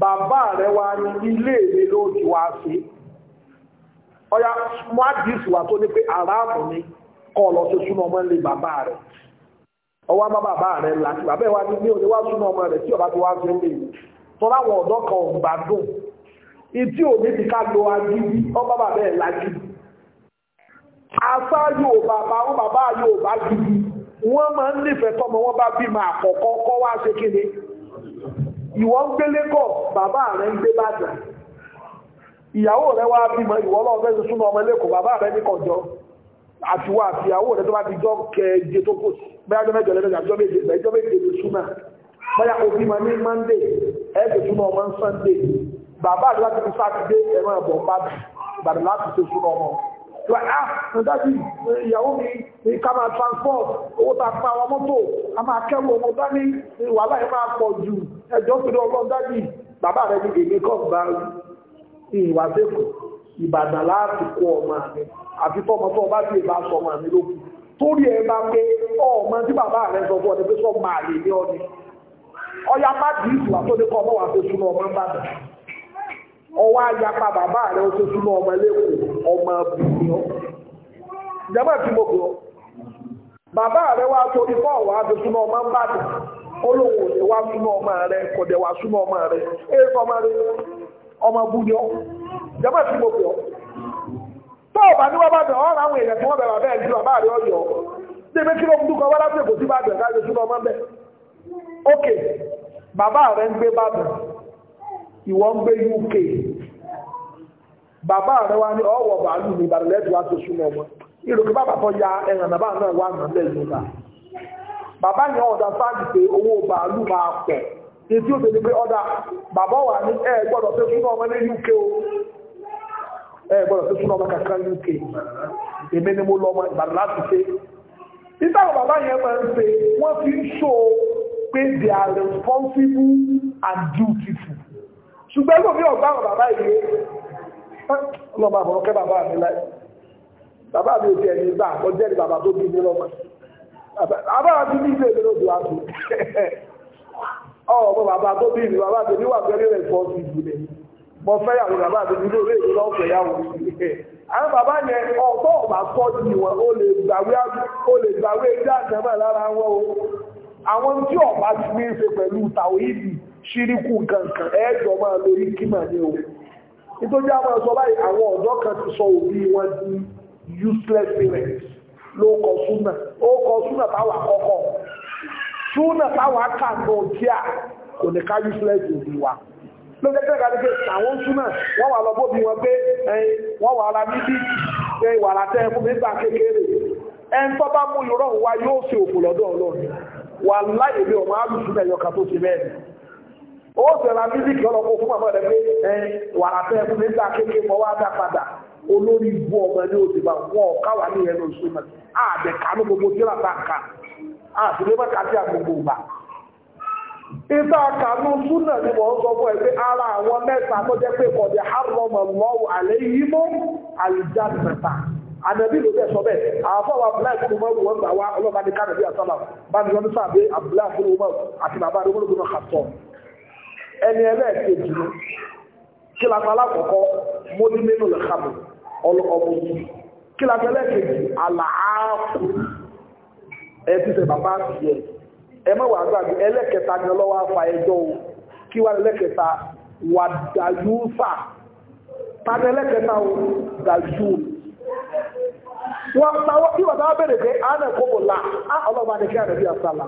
bàbá rẹ̀ wá ní ilé mi ló ti wá sí ọya mú àdìsí tó ní pé aráàmù ni kọ́ ọ lọ sí súnmọ́ ọmọ ilé bàbá rẹ̀ ọwọ́ má bàbá rẹ̀ láti bàbá ẹ̀ wá ní ní oníwá súnmọ́ ọmọ rẹ̀ tí ọba ti wá sí ilé mi tọ́lá àwọn ọ̀dọ́ kan ò gbádùn ìtí òní ti ká lo agídí ọba bàbá ẹ̀ lágídí asá Yorùbá àwọn bàbá Yorùbá gidi wọ́n máa ń nífẹ̀ẹ́ tọ́mọ wọn bá bímọ àkọ́kọ́ kọ́ wá ṣe kéde ìwọ ń gbé lẹ́kọ̀ bàbá rẹ̀ ń gbé bàjá ìyàwó rẹ̀ wá bímọ ìwọ lọ́fẹ́ sí súnmọ́ ọmọ lẹ́kọ̀ bàbá rẹ̀ ní kọjọ́ àtiwọ́ àti ìyàwó rẹ̀ tó bá ti jọ kẹje tó kò sí bẹ́ẹ̀ mẹ́jọ lẹ́jọ àjọ méje ìjọ méje lè súnmọ́ bóyá òbí mọ ní Monday ẹ̀ lè súnmọ́ ọmọ Sunday bàbá rẹ̀ láti fi sátidé ẹ̀rọ ẹ̀bọ̀ bàbá láti fi súnmọ́ ọmọ wà á dájú ìyàwó mi ní transport owó ta pa àwọn mọ́tò a máa kẹ́rù ọmọ dání wàhálà yìí máa pọ̀ jù ẹjọ́ pẹ̀lú ọlọ́run dájú bàbá rẹ̀ ní èmi kọ́ bá ìwà sẹ́kọ̀ọ́ ìbàdàn láti kó ọmọ mi àfi tọ́mọ tó ọba sí ìbá sọ ọmọ mi lókun torí ẹ bá pé ọmọ tí bàbá rẹ̀ sọ fún ọ pé sọ máa lè ní ọ ọya má dìí ìtùwà tó ní kọ́ ọmọ wà fẹ́ súnmọ́ ọmọ ń bàdàn ọwọ́ ayapa bàbá rẹ̀ ó tó súnmọ́ ọmọ lẹ́kọ̀ọ́ ọmọ bùnú ìjọba tí mo bọ̀ bàbá rẹ̀ wá torí fọ́ ọ̀wá tó súnmọ́ ọmọ bàdàn olówó ni wá súnmọ́ ọmọ rẹ̀ kọ̀dẹ̀ wá súnmọ́ ọmọ rẹ̀ èyí fọmọ rẹ̀ ọmọ bùnú ìjọba tí mo bọ̀ tó ọ̀bà ní wọ́n bá bẹ̀ ọ̀rọ̀ àwọn èèyàn tí wọ́n bẹ̀rẹ̀ bẹ́ẹ̀ ju bàbá rẹ̀ ọ̀yọ́ débi kí ló ìwọ ń gbé UK bàbá rẹ wá ní ọwọ́ bàálù ní ìbàdàn lẹ́tù wá tó súnmọ́ wọn ìròkè bàbá tó ya ẹ̀ràn bàbá náà wà nà lẹ́yìn nígbà bàbá yẹn ọ̀dà sáàdì pé owó bàálù máa pọ̀ etí òbí ni pé ọ̀dà bàbá wà ní ẹ gbọ́dọ̀ tó súnmọ́ ọmọ ní UK o ẹ gbọ́dọ̀ tó súnmọ́ ọmọ kankan UK èmi ni mo lọ ọmọ ìbàdàn láti ṣe ìtàwọn bàbá yẹn máa ń ṣe wọ́n fi ń ṣó pé they are responsible and dutiful ṣùgbọ́n kò bí ọ̀gbá ọ̀ bàbá ìlú ọlọ́mọ àbọ̀rọ̀ kẹ́ bàbá mi láì bàbá mi ò tiẹ̀ ní bá àkọ́ ni ní bàbá tó bí mi lọ́mọ bàbá mi ní ilé mi ló dùn àtò ọmọ bàbá tó bí mi bàbá mi níwà pẹ̀lú rẹ̀ fọ́ sí ìlú rẹ̀ mo fẹ́ yàwó bàbá mi nílé òwe ìlú lọ́fẹ̀ẹ́ yàwó àwọn bàbá yẹn ọ̀tọ̀ ọ̀bà kọ́ ni wọn ó lè gbàwé ó lè gbàwé dáadáa lára wọn o àwọn tí ọ̀bà ti ní í ṣe pẹ̀lú tàwíìdì ṣíríkù kankan ẹ̀ẹ́jọ máa lórí kima ní o nítorí àwọn ọ̀sọ́ báyìí àwọn ọ̀dọ́ kan ti sọ òbí wọn di useless parents ló kọ súnà ó kọ súnà táwa kọ́kọ́ súnà táwa kà ní ọtí à kò ní ká useless òbí wa ló kẹ́kẹ́ ká ní pé àwọn súnà wọ́n wà lọ bóbi wọn pé wọ́n wà ara níbi pé fún mi gbà kékeré ẹn tó bá mú ìrọ̀rùn wa yóò ṣe òfò lọ́dọ̀ ọlọ́run wà láì èmi ọmọ alùsùn ẹ̀yọkà tó ti bẹ́ẹ̀ ó sẹ̀ra mísíkì ọlọ́pọ̀ fún màmá rẹ̀ pé ẹ wàrà tẹ́ fún nígbà kékeré mọ́ wá dá padà olórí ibú ọmọ ní òdì bá wọ́n káwà ní ẹnu kánú gbogbo bá tí a gbogbo gbà. ìta kánú súnà ni wọ́n sọ fún ẹ pé ara àwọn mẹ́ta tó jẹ́ pé lọ́wọ́ àlẹ́ yìí mọ́ mẹ́ta ànàbí ló sọ bẹ́ẹ̀ abúlé ẹni ẹlẹ́ẹ̀kejì ni kílàfẹ́ alákọ̀ọ́kọ́ mọ́dúnmẹ́nu lẹ́kàbọ̀ ọlọ́kọ̀ọ́bù kílàfẹ́ ẹlẹ́ẹ̀kejì àlàáfù ẹ ti sẹ bàbá ẹ wàá gbàgbé ni afa o kí wàá wà tani o wọn táwọn kí táwọn pé á kí bí la.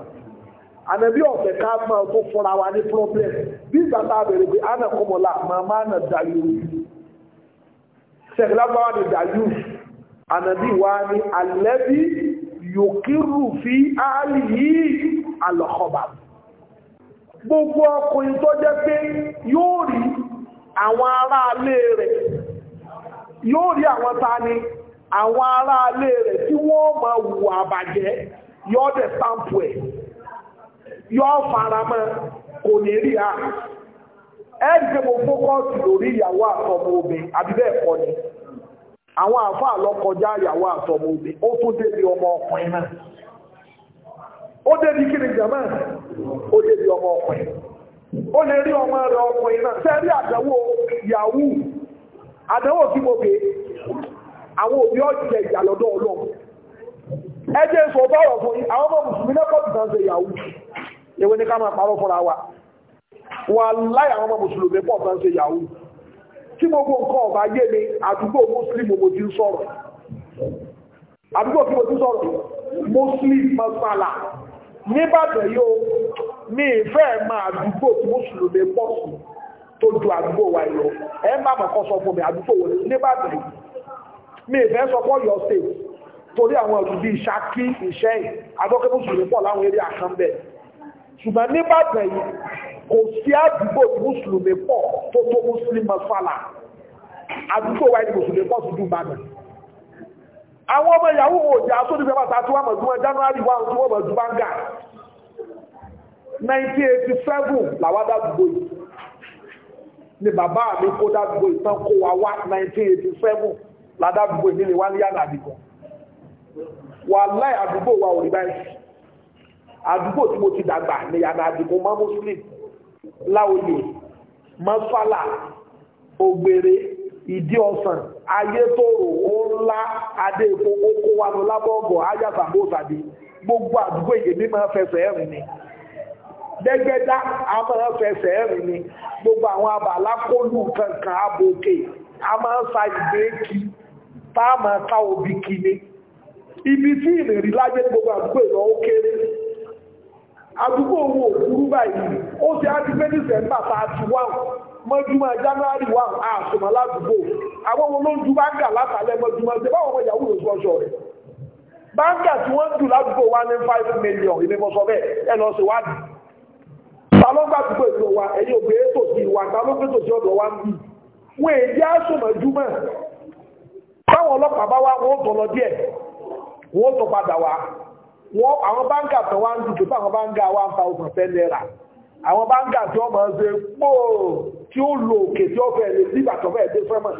Ana ọ̀fẹ́ ká máa tó fúnra wa ní problem bí ìgbà tá a bẹ̀rẹ̀ pé ànà kọmọlá màmá ànà dàlú sẹ̀gbẹ́lágbáwá ni dàlú ànàbí wa ni alẹ́bí yòókìrù fi áàlì yìí àlọ́kọ̀bà gbogbo ọkùnrin tó jẹ́ pé yóò rí àwọn aráalé rẹ̀ yóò rí àwọn ta ni àwọn aráalé rẹ̀ tí wọ́n máa wù àbàjẹ́ yọ́ọ̀dẹ̀ sáǹpù ẹ̀ yọ faramọ́ kò ní a ẹgbẹ́ mo fókọ́sì lórí ìyàwó àtọmọ obìnrin àbí ni àwọn afọ lọ ìyàwó àtọmọ obìnrin ó tún débi ọmọ ọkùnrin náà ó débi kí ni jàmá ó débi ọmọ ọkùnrin ó lè rí ọmọ rẹ ọkùnrin náà sẹ́rí àdánwò àdánwò mo gbé àwọn òbí ọ̀jẹ̀ sọ bọ́ọ̀rọ̀ fún yín àwọn ọmọ mùsùlùmí lẹ́kọ̀ọ́ ewé ní ká máa parọ́ fúnra wa wà láì àwọn ọmọ mùsùlùmí pọ̀ tán ṣe yahoo tí gbogbo nǹkan ọ̀bá yé mi àdúgbò muslim mo ti ń sọ̀rọ̀ àdúgbò tí mo ti ń sọ̀rọ̀ muslim masala níbàdàn yóò mi ìfẹ́ ma àdúgbò tí mùsùlùmí pọ̀ sí tó ju àdúgbò wa yọ ẹ má mà kọ́ sọ fún mi àdúgbò wo níbàdàn yìí mi ìfẹ́ sọ pọ̀ yọ state torí àwọn ọ̀dùn bíi ṣákí ìṣẹ́yìn adọ́kẹ́ mùsùlùmí pọ̀ láwọn eré àkànbẹ̀ ṣùgbọ́n nígbàtẹ̀ yìí kò sí àdúgbò mùsùlùmí pọ̀ tó tó mùsùlùmí masala àdúgbò wáyé mùsùlùmí pọ̀ tuntun bàbẹ̀ àwọn ọmọ ìyàwó òjà sódì fẹ́ bàtà tí wọ́n mọ̀ tí wọ́n january one tí wọ́n mọ̀ tí bánga 1987 làwọn àdúgbò yìí ni bàbá mi kó àdúgbò yìí tán kó wa wá 1987 làdàdúgbò yìí nílé wá ní yàrá àdìgbò wà láì àdúgbò wa ò rí báyìí àdúgbò tí mo ti dàgbà ní yàrá àdìmú má muslim láòyè mọ́sálà ògbèrè ìdí ọ̀sán ayétòrò ńlá adé epo kókó wa lọ lábọ́ọ̀gọ̀ ayásàbò tàbí gbogbo àdúgbò èyèmí máa fẹsẹ̀ ẹ̀rìn ni dẹ́gbẹ́dá a máa fẹsẹ̀ ẹ̀rìn ni gbogbo àwọn abàlá kólú kankan abòkè a máa ń sa ìgbéèkì tá a máa ká obì kí ni ibi tí ìrìnrí láyé gbogbo àdúgbò ìlọ ó kéré àdúgbò owó òkúrú báyìí ó ti á ti pé December thirty one mọ́júmọ́ January one àṣùmọ́ ládùúgbò àwọn ọmọ olóńjú bá ń gà látàlẹ́ mọ́júmọ́ ṣe báwọn ọmọ ìyàwó lòsù ọjọ́ rẹ̀ tí wọ́n ládùúgbò wá ní five million ìmẹ́mọ́sọ bẹ́ẹ̀ ẹ lọ sí wádìí talọ́gbà àdúgbò ìlú wa ẹ̀yìn òbí ètò sí talọ́gbà ọ̀dọ̀ wa ń bì wọ́n èyí báwọn ọlọ́pàá bá wá wọ́n tọ̀ wọ́n àwọn báńkà tó wá ń dùkú fún àwọn báńkà wá ń fa ogun ọ̀fẹ́ náírà àwọn báńkà tí wọ́n máa ń ṣe pòó tí ó lo òkè tí ó fẹ́ lè sí ìbàtọ̀ fẹ́ dé sẹ́mọ̀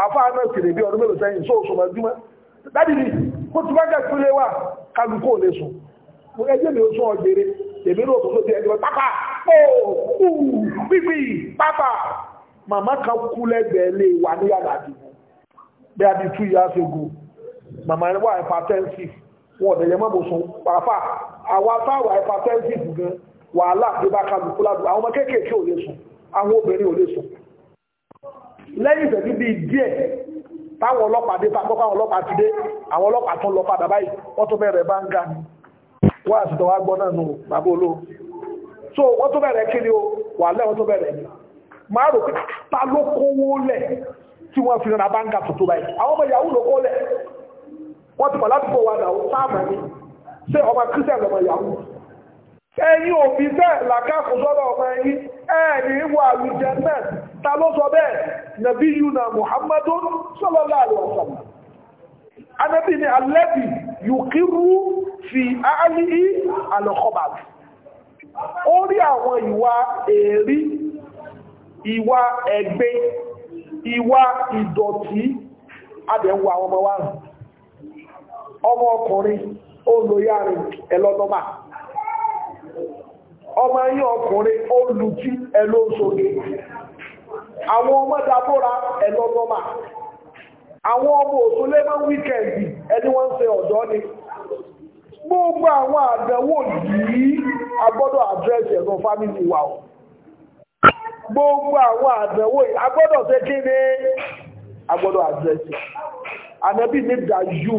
àáfà náà sì lè bí ọdún mélòó sẹ́yìn sóò sọmọ ẹdúmọ́ dájú ni kó ti báńkà tí ó lé wà kálukó lè sùn mo ẹjẹ́ mi ó sún ọgbẹ̀rẹ̀ èmi ní òṣòṣò ti ẹjọ́ pápá pòó kú pípì pápá màmá kan kú lẹ́gbẹ̀ẹ́ lè wà ní yàrá àdìgbò bí a ti tú ìyá ṣe go màmá wà ẹ̀fà tẹ́ńsì wọn ọ̀dẹ̀yẹ mọ́ bò sùn pàápà àwa táwà hypertensive gan wàhálà bí bá kálukú ládùn àwọn ọmọ kéékèèké ò lè sùn àwọn obìnrin ò lè sùn lẹ́yìn ìṣẹ́jú bíi díẹ̀ táwọn ọlọ́pàá dé ọlọ́pàá ti dé àwọn ọlọ́pàá tún lọ padà báyìí wọ́n tún bẹ̀rẹ̀ bá ń ga ni wọ́n àti tọ́wọ́ gbọ́ náà nù bàbá so wọ́n tún bẹ̀rẹ̀ kí o wọ́n ti pàlá dùkọ̀ wa ó sáàmà ni ṣé ọmọ kírísítẹ̀n lọ́mọ yahoo ẹ̀yin òbí tẹ̀ làkàkùn sọ́dọ̀ ọmọ ẹ̀yin ẹ̀ẹ́nì ìwà àlùjẹ náà ta ló sọ bẹ́ẹ̀ nàbí yuna muhammadu sallallahu alaihi wasallam anabi ni alẹ́bi yukiru fi alihi alọ́kọ́bàbí ó rí àwọn ìwà èrí ìwà ẹ̀gbin ìwà ìdọ̀tí adẹ̀wò àwọn ọmọ wa rùn ọmọ ọkùnrin ó ẹlọ́dọ́bà ọmọ yí ọkùnrin ó lu àwọn ọmọ ẹlọ́dọ́bà àwọn ọmọ òṣòlé mọ́ ẹni wọ́n ń ọ̀dọ́ ni gbogbo àwọn àdánwò yìí agbọdọ àdírẹ́sì ẹ̀nà wa o gbogbo àwọn yìí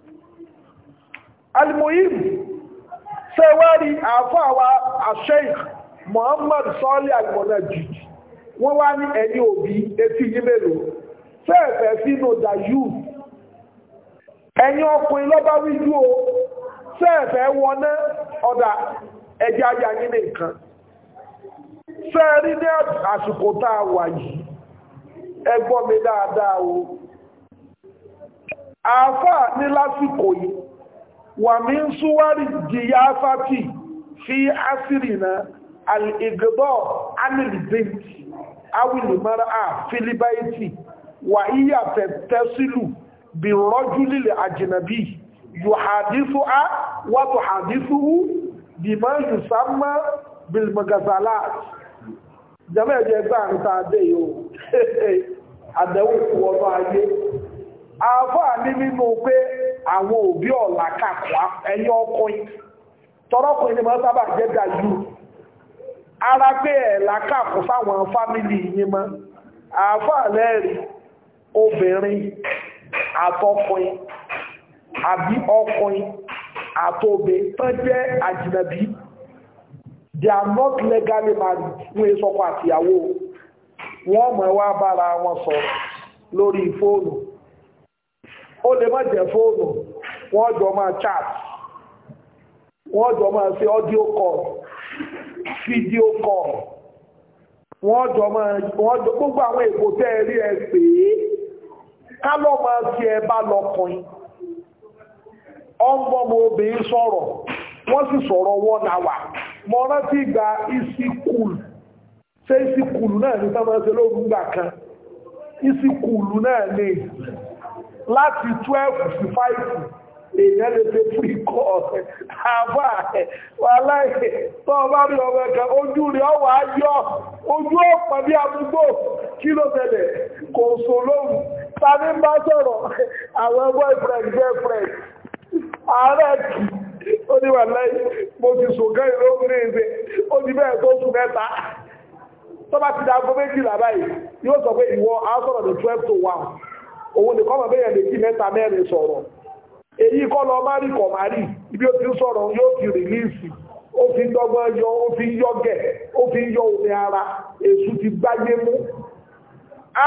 alimoyim sẹ́wárí àfáàwà àṣẹ́yìn Muhammad sọ́ọ́lì àgbọ̀nà jìjì wọ́n wá ní ẹ̀yìn òbí etí yí mélòó fẹ́ẹ̀fẹ́ sínú dàyú ẹ̀yìn ọkùnrin lọ́bá wíjú o fẹ́ẹ̀fẹ́ wọná ọ̀dà ẹja ayà nínú nǹkan fẹ́ẹ̀rí ní àsìkò tá a wà yìí ẹ mi dáadáa o àáfàá ní lásìkò yìí wà mí ń súwárì fi ásìrì náà alìgbọ́ anìlìbẹ́ntì awìlìmọ́ra filibaiti wà íyà tẹ̀tẹ́sílù bí rọ́jú lílẹ̀ àjìnàbí yóò hàdífú á wàtò hàdífú bí mọ́ yù sámá bilmagazala jẹ́mẹ́ ẹ̀jẹ̀ ẹgbẹ́ àríta adé yóò àwọn òbí ọ̀la kàkọ́ ẹ̀yìn ọkọ yìí tọ́rọ́kọ yìí ni wọ́n sábà jẹ́ dájú ara pé ẹ̀ làkàkọ́ fáwọn fámìlì yìí mọ́ àáfàá lẹ́rìí obìnrin àtọkùnrin àbí ọkùnrin àtòbè tán jẹ́ àjìnàbí they are not legally married fún èsọ́kọ àtìyàwó wọ́n mọ̀ wá bára wọn sọ lórí fóònù ó lè má jẹ́ fóònù wọ́n jọ máa chat wọ́n jọ máa ṣe audio call fídíò call wọ́n jọ gbogbo àwọn èkó tẹ́ ẹ rí ẹ pé ká lọ́ máa fi ẹ obìnrin sọ̀rọ̀ wọ́n sì sọ̀rọ̀ one hour mo rántí ìgbà ìsìkùlù ṣé ìsìkùlù náà ní sábà ṣe lóògùn gbà kan ìsìkùlù náà ní láti 12 sí 5 èèyàn lè ṣe fún ikọ̀ ọ̀rẹ́ àbá wà láì tó ọba rí ọmọ ẹ̀kẹ́ ojú rí ọwà ayọ́ ojú ọ̀pọ̀ ní àdúgbò kí ló tẹ̀lẹ̀ kò sọ lóhùn tani bá sọ̀rọ̀ àwọn boyfriend girlfriend ààrẹ kì ó ní wà láì mo ti sògá ìlóhùn ní ó ti bẹ́ẹ̀ tó ti dàgbọ́ méjìlá báyìí yóò sọ pé ìwọ á sọ̀rọ̀ ní 12 to 1 òun nìkan mọ̀ bẹ́yẹn lè kí mẹ́ta mẹ́rin sọ̀rọ̀ èyí kọ́ lọ má rí ibi ó ti ń sọ̀rọ̀ yóò ti rìlíìsì ó fi ń dọ́gbọ́n yọ ó fi yọ gẹ̀ ó fi ara èṣù ti gbáyé mú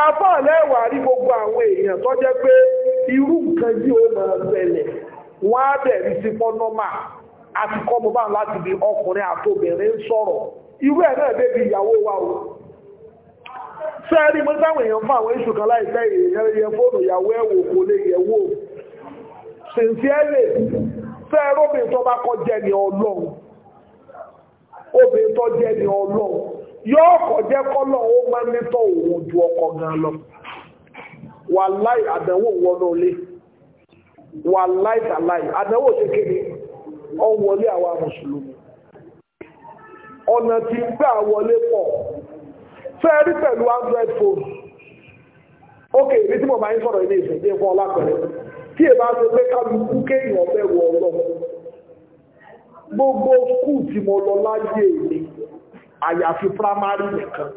afọ́ lẹ́wà rí gbogbo àwọn èèyàn tó jẹ́ pé irú nǹkan ó ṣẹlẹ̀ wọ́n á sí fọ́nọ́mà àti kọ́ láti sẹ́ẹ̀rí mo dáwọn èèyàn fún àwọn èṣù kan láìpẹ́ ìyẹn fóònù ìyàwó ẹ̀wò kò lè yẹ̀wò sincerely sẹ́ẹ̀rí obìnrin tó bá kọ́ jẹ́ ni ọlọ́run obìnrin tó jẹ́ ni ọlọ́run yóò kọ́ jẹ́ kọ́lọ̀ ó máa ń nítọ́ òun ju ọkọ gan lọ wàláì àdánwò wọnú ilé wàláì tàláì àdánwò ṣe kéde ọ wọlé àwa mùsùlùmí ọ̀nà tí ń gbà wọlé pọ̀ fẹ́ẹ̀rí pẹ̀lú android phone ok èmi tí mo máa ń sọ̀rọ̀ ilé ìfẹ́ ní ẹ̀kọ́ ọlápẹ̀rẹ̀ tí èbá ṣe pé kálukú kéèyàn ọbẹ̀ wọ ọlọ́ gbogbo skul tí mo lọ láyé èmi àyàfi primary nìkan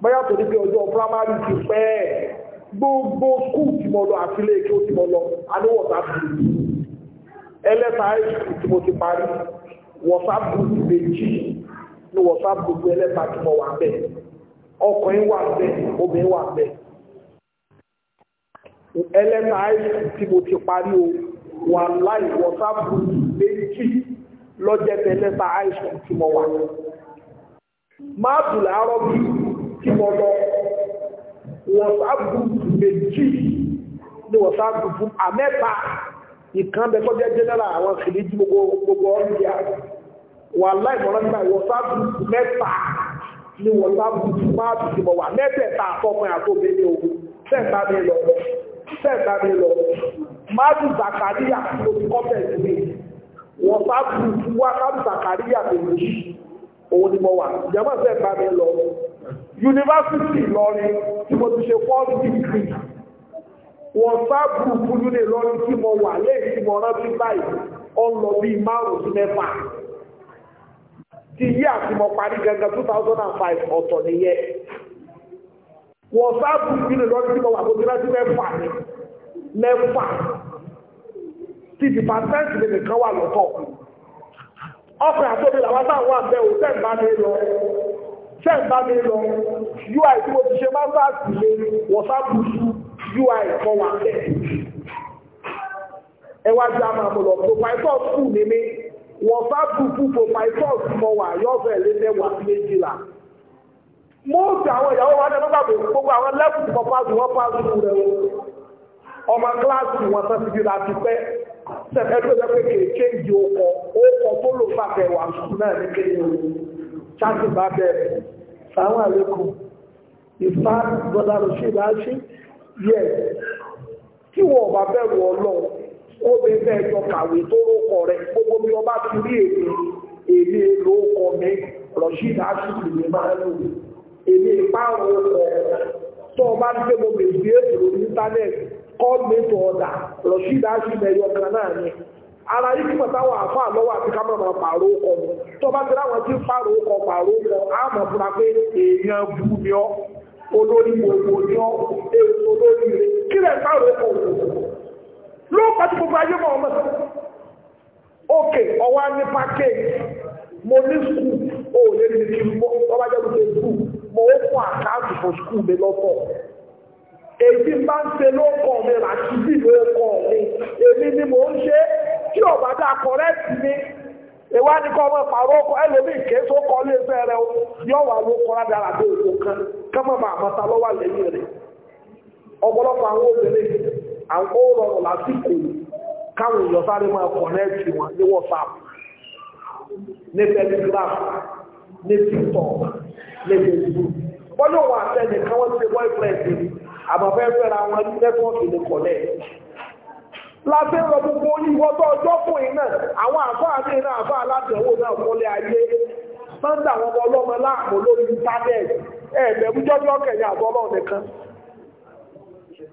bóyá tó ní pé ọjọ́ primary ti pẹ́ gbogbo skul tí mo lọ àti ilé ìkẹ́ tí mo lọ adéwọ̀ta fi ẹlẹ́ta high tí mo ti parí wọ̀sá group méjì ní WhatsApp gbogbo ẹlẹ́ta tí mo wà bẹ́ẹ̀ ọkùnrin wà bẹ́ẹ̀ obìnrin wà bẹ́ẹ̀ ẹlẹ́ta àìsàn tí mo ti parí o wà láì WhatsApp méjì lọ́jẹ́ tẹ́lẹ́ta àìsàn tí mo wà máa bù láàárọ̀ bí tí mo lọ WhatsApp méjì ní WhatsApp fún àmẹ́ta ìkan bẹ́ẹ̀ tó jẹ́ àwọn kìlí gbogbo ọ̀rọ̀ wà láìmọ̀ràn nígbà WhatsApp group mẹ́ta ní WhatsApp group máa bì sí mọ̀ wà mẹ́tẹ̀ẹ̀ta àtọ́kùnrin àtòbí ní ogun sẹ́ẹ̀ta mi lọ sẹ́ẹ̀ta mi lọ máàdù Zakaria ló ti kọ́tẹ̀ sí WhatsApp group Zakaria lèmi òun ni mo wà ìjàmbá sẹ́ẹ̀ta mi lọ yunifásitì Ìlọrin tí mo ti ṣe fọ́ọ̀lù dìgírì WhatsApp group yúnilọrin tí mo wà lẹ́yìn tí mo rántí báyìí ọ lọ bíi márùn-ún mẹ́fà ti yí àti mọ̀ parí gangan 2005 ọ̀tọ̀ nìyẹn wọ́n sáàbù ìbílẹ̀ lọ́dún tí mo wà tó ti rántí mẹ́fà ni mẹ́fà ti dìpàtẹ́ǹtì lè nìkan wà lọ́tọ̀ ọkùnrin àtòbí làwọn táwọn wà bẹ́ẹ̀ ò sẹ́ǹbá mi lọ sẹ́ǹbá mi lọ ui tí mo ti ṣe máa ń bá sí lé wọ́n sáàbù ui kan wà bẹ́ẹ̀ ẹ wá jẹ́ àmàmù lọ tó pa ní mi WhatsApp group proprietors mọ wà yọ̀ọ̀fẹ́ lédè wà méjìlá. Mọ́ọ̀sì àwọn ìyàwó wa nínú gbàgbé gbogbo àwọn lẹ́kùn kan pàṣẹ wọ́n pàṣẹ fún rẹ̀ o. Ọmọ kíláàsì wọn sọ síbi láti pẹ́ sẹ́fẹ́ tó jẹ́ pé kìí kéjì ọkọ̀ ọkọ̀ tó lò fàbẹ̀ wà sùn náà ní kéjì ọkọ̀. Ṣáàtì bá bẹ̀rẹ̀. Sàwọn àlékún. Ìfà gbọ́dọ̀ ṣe ìbáṣe. Yes. Kí wọ́n ọ̀bà bẹ̀rù ọlọ́run ó bẹ fẹ́ jọ kàwé tó rókọ rẹ gbogbo bí ọba ti rí èmi èmi èlò ọkọ mi rọ̀ṣíd àṣìkò mi máa lò èmi ìpáàrọ̀ ọkọ tó ọba ti gbé mo bèbí ètò lórí íńtánẹ́ẹ̀tì call me to order rọ̀ṣíd àṣìkò ẹ̀yọ kan náà ni ara yìí kí pàtàwọ̀ àfáà lọ́wọ́ àti ká máa pààrọ̀ ọkọ mi tó bá ti ráwọn tí pààrọ̀ ọkọ pààrọ̀ ọkọ á mọ̀ fúnra pé èèyàn bú mi ọ́ olórí gbogbo ni ọ́ èèyàn olórí rẹ̀ kí lẹ̀ pààrọ̀ ọkọ ló pàtí gbogbo ayé mọ̀ ọmọ òkè ọwá ní package mo ní ní kí mo ọba jẹ́ lóṣè skul mo ó fún àkáǹtì fún skul mi lọ́tọ̀ èyí bá ń ṣe mi láti bí mi èmi ni mo ń ṣe mi ìwà ni kọ́ ọmọ ìpàrọ̀ ọkọ̀ ẹlòmíì kọ́ ilé iṣẹ́ rẹ yọ wà ló kọ́ kan ta lọ́wọ́ rẹ̀ ọ̀pọ̀lọpọ̀ àwọn ó rọrùn lásìkò káwọn èèyàn sáré máa kọ̀nẹ́ẹ̀tì wọn ní WhatsApp ní Telegram ní TikTok ní Facebook wọ́n yóò wà sẹ́ni káwọn ti boyfriend ni àbàfẹ́fẹ́ ra wọn ní nẹ́tíwọ́ọ̀kì ní kọ̀nẹ́ẹ̀tì láti ń lọ gbogbo ìwọ́tọ́ ọjọ́ fún iná àwọn àfáà ní iná àfáà aládẹ̀wò náà mọ́lé ayé sọ́ńdà àwọn ọmọ ọlọ́mọ láàmú lórí íńtánẹ́ẹ̀tì ẹ̀ẹ̀mẹ̀rújọ́jọ́ kẹ̀yìn àbọ́lọ́ nìkan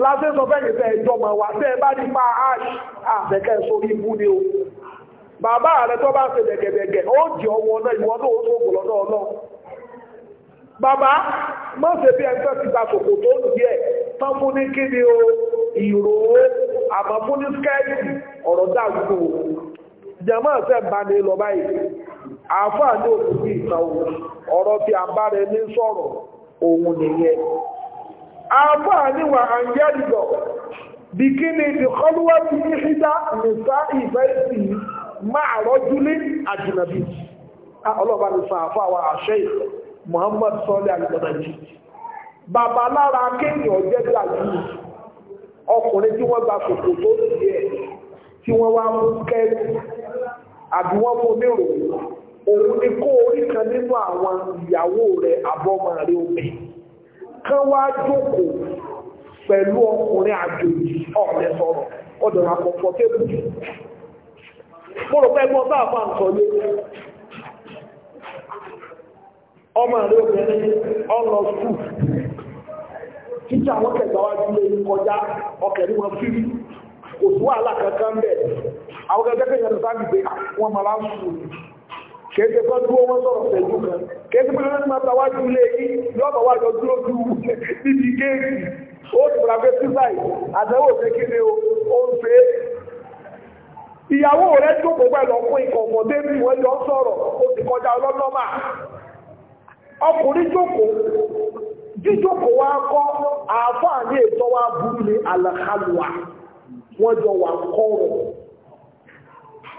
láti sọ fẹ́ ìfẹ́ ìjọmọ̀ wà tẹ́ bá ní pa ash àtẹ̀kẹ́ sórí ibú ni o bàbá rẹ̀ tó bá ṣe dẹ̀gẹ̀dẹ̀gẹ̀ ó jẹ́ ọwọ́ náà ìwọ náà ó tó kò lọ́dọ̀ ọlọ́run bàbá má ṣe bí ẹgbẹ́ ti ta kòkò tó ń díẹ̀ tán fún ní kí ni o ìró àmọ́ fún ní skẹ́ẹ̀tì ọ̀rọ̀ dàgbò jẹ́mọ́ ẹ̀fẹ́ bá ní lọ báyìí àáfàá ní òkú bí ìtàn ọ̀rọ̀ ti àbá ní sọ̀rọ̀ òun nìyẹn àfáà níwà àyẹ́dìbọ̀ bí kí ni ìdíkọ́lúwà ti ní ṣídá nìta ìfẹ́ sí máa rọ́júlé àjìnàbí ọlọ́bàá ní sàn wa àṣẹ Muhammad sọ́lẹ̀ àgbàdàjì bàbá lára kéèyàn jẹ́ gbàjú ọkùnrin tí wọ́n gba kòkò tó tiẹ̀ tí wọ́n wá mú kẹ́rù àbí wọ́n mú nírò òun ni kó orí kan nínú àwọn ìyàwó kán wá jókòó pẹ̀lú ọkùnrin àjòjì ọ̀rẹ́ sọ̀rọ̀ ọdọ̀ ra kọ̀fọ́tébù mo rò pé gbọ́n bá àpá nǹkan lé ọmọ rẹ̀ obìnrin ọlọ skul títà wọn kẹgbà wá sí ilé kọjá ọkẹ̀rí wọn fífi kò sí wàhálà kankan bẹ̀ àwọn sáà gbé kéèké kọ́ dúró wọ́n sọ̀rọ̀ pẹ̀lú kan kéèké pẹ̀lú ẹni máa bá wájú ilé yìí yóò bá wájú dúró ju níbi géèkì ó ti rà pé sísáì àtẹ̀wò ṣe kí ni ó ń ṣe ìyàwó rẹ̀ jókòó pẹ̀lú ọkùnrin kọ̀ọ̀kan débi wọ́n jọ sọ̀rọ̀ ó ti kọjá ọlọ́nọ́mà ọkùnrin jókòó jíjókòó wa kọ́ àáfàá ní ètò wa burú ni àlàkálùwà wọ́n jọ wà kọ́rọ̀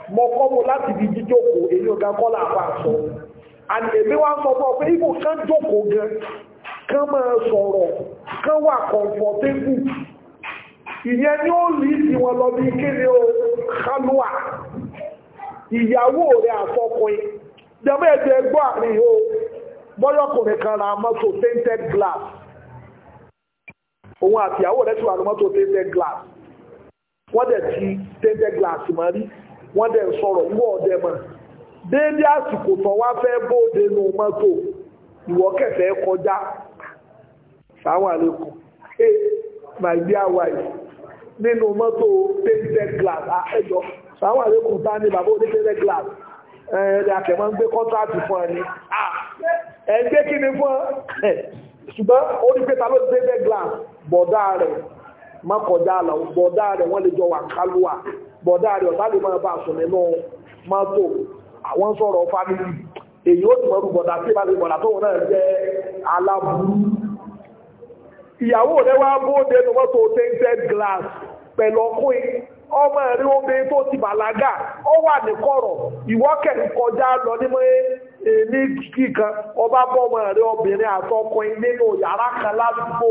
mo kọ́ mo láti di jíjókòó èyí ọ̀gá kọ́lá àpá sọ and èmi wá sọ fún ọ pé ibò kán jókòó gan kán máa sọ̀rọ̀ kán wà comfortable ìyẹn ni ó lè ti wọn lọ bí kéde o kálúà ìyàwó rẹ̀ àtọkùnrin jẹ́mọ́ ẹ̀jẹ̀ ẹgbọ́ àárín o bọ́yọ̀kùnrin kan ra mọ́tò tinted glass òun àtìyàwó rẹ̀ ti wà ní mọ́tò tinted glass wọ́n dẹ̀ ti tinted glass mọ́ rí wọ́n dẹ̀ sọ̀rọ̀ ìwọ ọ̀dẹ mọ̀ déédé àsìkò tán wá fẹ́ bóde nu mọ́tò ìwọ kẹfẹ́ kọjá sáwọn àlékún ẹ my dear wife nínú mọ́tò painted glass àẹjọ ah, sáwọn àlékún tá ní bàbá oní painted glass ẹ̀ẹ́dẹ̀ akẹ̀mọ́ ń gbé kọ́ńtráàtì fún ẹni ah, ẹ̀ ń gbé kí ni fún ẹ ṣùgbọ́n ó ní pé ta ló painted glass bọ̀dá rẹ̀ má kọjá àlọ́ bọ̀dá rẹ̀ wọ́n lè jọ wà kálúwà bọ̀dá rẹ̀ lè máa bá sùn nínú mọ́tò àwọn sọ̀rọ̀ fámìlì èyí ó ti bọ̀dá tí bá bọ̀dá tóun náà jẹ́ aláburú ìyàwó rẹ̀ wá bóde ní tainted glass pẹ̀lú ọmọ ẹ̀rí tó ti bàlágà lọ èmi kíkan ọba bọ́ ọmọ ẹ̀rí obìnrin àtọkùnrin nínú yàrá kan ládùúgbò